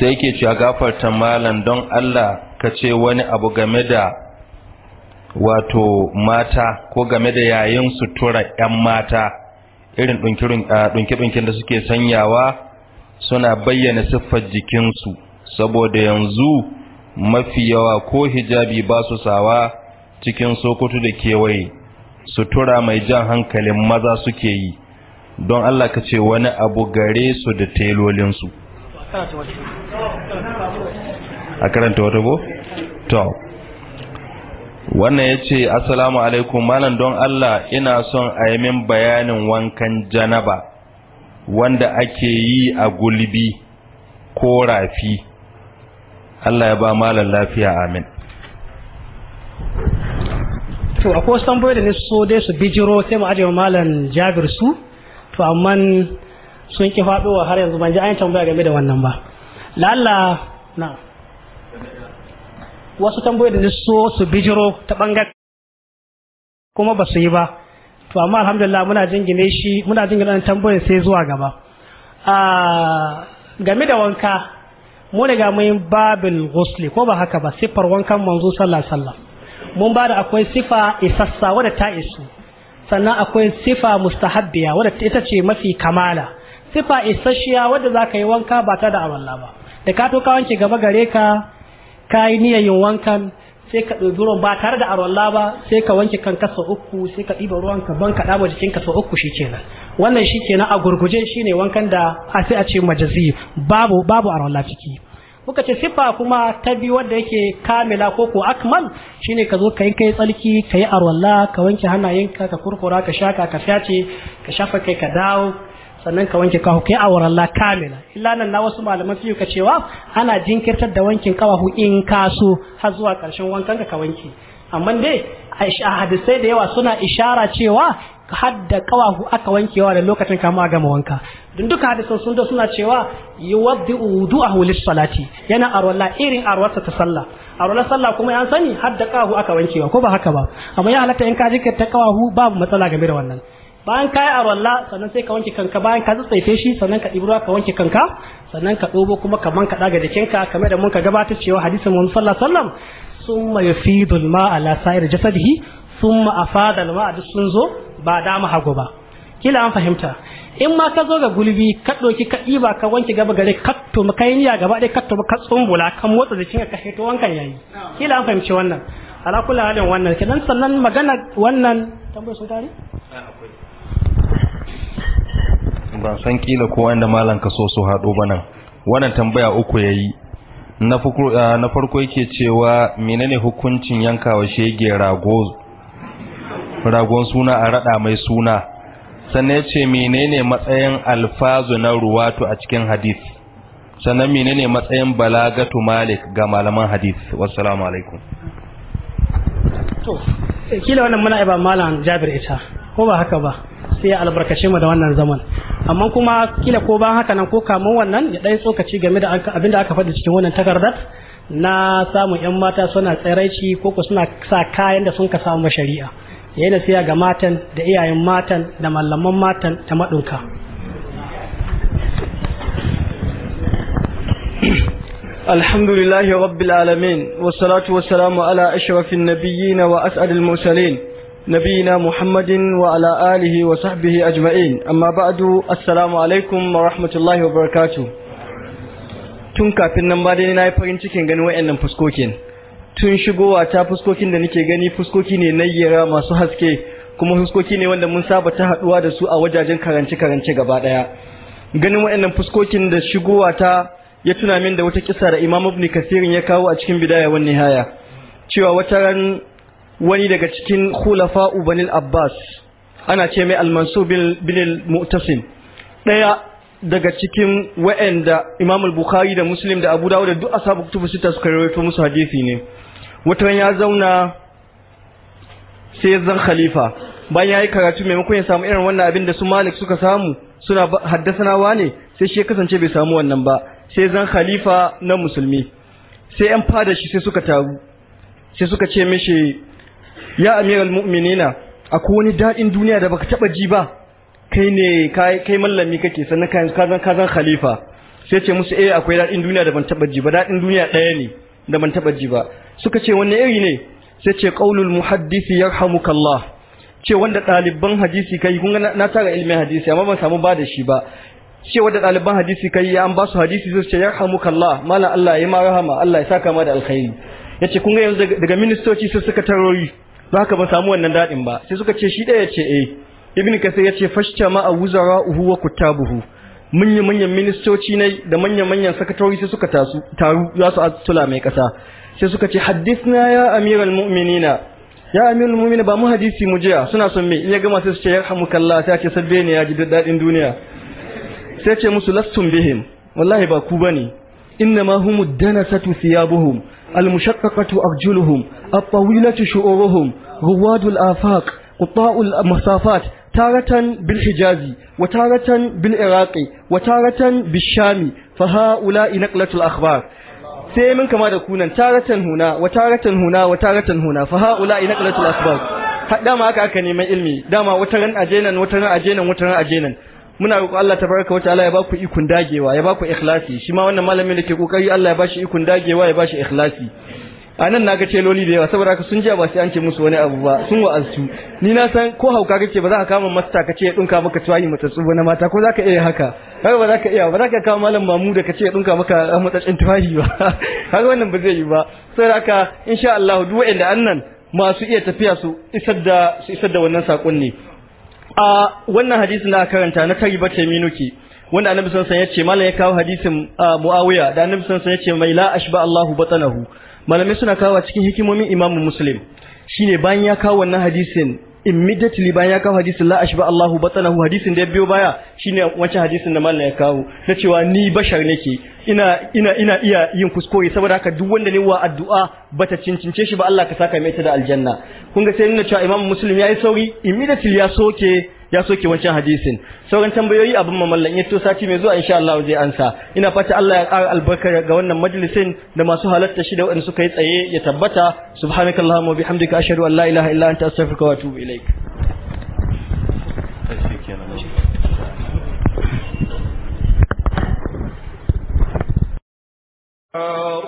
[SPEAKER 4] sai yake cewa gafarta malam don Allah ka ce wani abu game da wato mata ko game da yayin sutura 'yan mata irin ɗunki-ɗunkin da suke sanyawa suna bayyana siffar jikinsu saboda yanzu mafi yawa ko hijabi ba su sawa cikin sokoto da kewaye sutura mai jan hankalin maza suke yi don Allah ka ce wani abu gare su da telolinsu a karanta wata bo to wannan ya ce assalamu alaikum malam don Allah ina son a yi min bayanin wankan janaba wanda ake yi a gulbi ko rafi Allah ya ba malam lafiya amin
[SPEAKER 1] to a wasu tambayoyi da ne so dai su bijiro sai mu ajiye malam jabir su to amma sun ki faɗowa har yanzu ban ji an tambaya game da wannan ba lalla na'am wasu tambayoyi da so su bijiro ta bangare kuma ba su yi ba to amma alhamdulillah muna jingine shi muna jingine tambayoyin sai zuwa gaba game da wanka mu ga mun babin ghusli ko ba haka ba siffar wankan manzo sallallahu alaihi mun ba da akwai sifa isassa wadda ta isu sannan akwai sifa mustahabbiya wadda ita ce mafi kamala sifa isasshiya wadda za ka yi wanka ba ta da awalla ba da ka to ka wanke gaba gare ka ka yi yin wankan sai ka ɗauki ruwan ba tare da arwalla ba sai ka wanke kan kasa uku sai ka ɗiba ruwan ka banka ɗaba jikin kasa uku shi kenan wannan shi kenan a gurguje shi wankan da a sai a ce majazi babu babu arwalla ciki muka ce Sifa kuma ta biyu wanda yake kamila ko ko akmal shine ka zo ka yi kai tsalki ka yi arwalla ka wanke hannayenka ka kurkura ka shaka ka fyace ka shafa kai ka dawo sannan ka wanke kahu kai Allah kamila illa nan na wasu malaman fiye ka cewa ana jinkirtar da wankin kawahu in ka so har zuwa karshen wankan ka wanke amma dai a hadisai da yawa suna ishara cewa hadda kawahu aka wankewa da lokacin kama gama wanka don duka hadisan sun da suna cewa yuwaddi a lis-salati yana arwala irin arwarsa ta sallah arwala sallah kuma an sani hadda kawahu aka wankewa ko ba haka ba amma ya halatta in ka jika ta kawahu babu matsala game da wannan bayan kayi walla sannan sai ka wanke kanka bayan ka tsaife shi sannan ka ɗibi ka wanke kanka sannan ka ɗobo kuma ka manka ɗaga jikinka kamar da mun ka gabatar cewa hadisin mun sallallahu sun wasallam summa yufidul ma'a ala sa'ir jasadihi summa afada ma ma'a duk sun zo ba dama hagu ba kila an fahimta in ma ka zo ga gulbi ka ɗauki ka ɗiba ka wanke gaba gare ka to ka yi niyya gaba ɗaya ka tumi ka tsumbula ka motsa jikinka ka hito wankan yayi kila an fahimci wannan ala kula halin wannan kenan sannan magana wannan
[SPEAKER 2] tambayar sun tare ah,
[SPEAKER 4] ban san kila ko wanda malam ka so su haɗo ba nan wannan tambaya uku ya yi na farko yake cewa menene hukuncin yankawa shege rago ragon suna a raɗa mai suna sannan ya ce menene matsayin alfazu na ruwatu a cikin hadith sannan menene matsayin balagatu malik ga malaman hadith wassalamu alaikum
[SPEAKER 1] to eh, kila wannan muna iba malam jabir ita ko ba haka ba sai ya albarkace mu da wannan zaman amma kuma kila ko ban haka nan ko kaman wannan ya dai tsokaci game da abin da aka faɗi cikin wannan takardar na samun yan mata suna tsiraici ko ko suna sa kayan da sun ka samu shari'a yayin da siya ga matan da iyayen matan da mallaman matan ta
[SPEAKER 3] madunka الحمد لله رب العالمين والصلاة والسلام على أشرف النبيين وأسعد المرسلين نبينا محمد وعلى آله وصحبه أجمعين أما بعد السلام عليكم ورحمة الله وبركاته tun kafin nan ba dai na yi farin cikin ganin wayannan fuskokin tun shigowa ta fuskokin da nake gani fuskoki ne na nayyara masu haske kuma fuskoki ne wanda mun saba ta haduwa da su a wajajen karance karance gaba daya ganin wayannan fuskokin da shigowa ta ya tuna min da wata kisa da Imam Ibn kasirin ya kawo a cikin bidaya wan nihaya cewa wata ran wani daga cikin khulafa'u banil abbas ana ce mai almansu bin mu'tasim ɗaya daga cikin wa'anda imam bukhari da muslim da abu dawud da duk asabu kutubu sita suka rawaito musu hadisi ne wata ya zauna sai zan khalifa bayan ya yi karatu maimakon ya samu irin wannan abin da su malik suka samu suna haddasa nawa ne sai shi ya kasance bai samu wannan ba sai zan khalifa na musulmi sai yan fada shi sai suka taru sai suka ce mishi ya amiral mu'minina akwai wani daɗin duniya da baka taɓa ji ba kai ne kai mallami kake sannan ka zan ka zan khalifa sai ce musu eh akwai daɗin duniya da ban taɓa ji ba daɗin duniya ɗaya ne da ban taɓa ji ba suka ce wanne iri ne sai ce qaulul muhaddisi yarhamukallah ce wanda ɗaliban hadisi kai kun na tara ilimin hadisi amma ban samu ba da shi ba ce wanda ɗaliban hadisi kai an ba su hadisi zai ce yarhamukallah mala Allah ya ma rahama Allah ya saka ma da alkhairi yace kun ga yanzu daga ministoci sai suka tarori Ba haka ban samu wannan daɗin ba sai suka ce shi ɗaya ce eh ibn kasir ya ce fashta ma a wuzara uhu wa kutabuhu manyan manyan ministoci ne da manyan manyan sakatori sai suka taru za su atula mai ƙasa sai suka ce hadisna ya amiral mu'minina ya amiral mu'minina ba mu hadisi mu jiya suna son me ya gama sai su ce yarhamukallah sai ce sabbe ne ya ji daɗin duniya sai ce musu lastum bihim wallahi ba ku bane innama humud danasatu thiyabuhum المشققة أرجلهم الطويلة شعورهم رواد الآفاق قطاع المسافات تارة بالحجاز وتارة بالعراق وتارة بالشام فهؤلاء نقلة الأخبار سيمن كما تكون تارة هنا وتارة هنا وتارة هنا فهؤلاء نقلة الأخبار دام أكا كني ما إلمي دام وترن أجينا وترن أجينا وترن أجينا muna roƙo Allah tabaraka wa ta'ala ya ba ku ikon dagewa ya ba ku ikhlasi shi ma wannan malamin da ke kokari Allah ya ba shi ikon dagewa ya ba shi ikhlasi a nan naga celoli da yawa saboda haka sun ji ba sai an ce musu wani abu ba sun alsu ni na san ko hauka kake ba za ka kama masta kace ya dunka maka tuwayi tsubo na mata ko za ka iya haka kaga ba za ka iya ba za ka kama malam mamu da kace ya dunka maka matsatsin tuwayi ba kaga wannan ba zai yi ba saboda haka insha Allah duk wa'anda annan masu iya tafiya su isar da su isar da wannan sakon ne a wannan hadisin da karanta na taribat yaminuki wanda annabi sun san ya ce malam ya kawo hadisin muawiya da annabi sun san ya ce mai la ashba Allahu batanahu malamai suna kawo cikin hikimomin imamu muslim shine bayan ya kawo wannan hadisin immediately bayan ya kawo hadisin la ashba Allahu batanahu hadisin da ya biyo baya shine wancan hadisin da mallan ya kawo na cewa ni bashar nake ina ina ina iya yin kuskure saboda haka duk wanda ne wa addu'a bata cincince shi ba Allah ka saka mai ta da aljanna kun ga sai nuna cewa Imam Muslim ya yi sauri immediately ya soke ya soke wancan hadisin sauran tambayoyi abin mamallan ya to sati mai zuwa insha Allah zai ansa ina fata Allah ya ƙara albarka ga wannan majalisin da masu halatta shi da wanda suka yi tsaye ya tabbata subhanakallahumma wa bihamdika ashhadu an la ilaha illa anta astaghfiruka wa atubu ilaik
[SPEAKER 2] uh,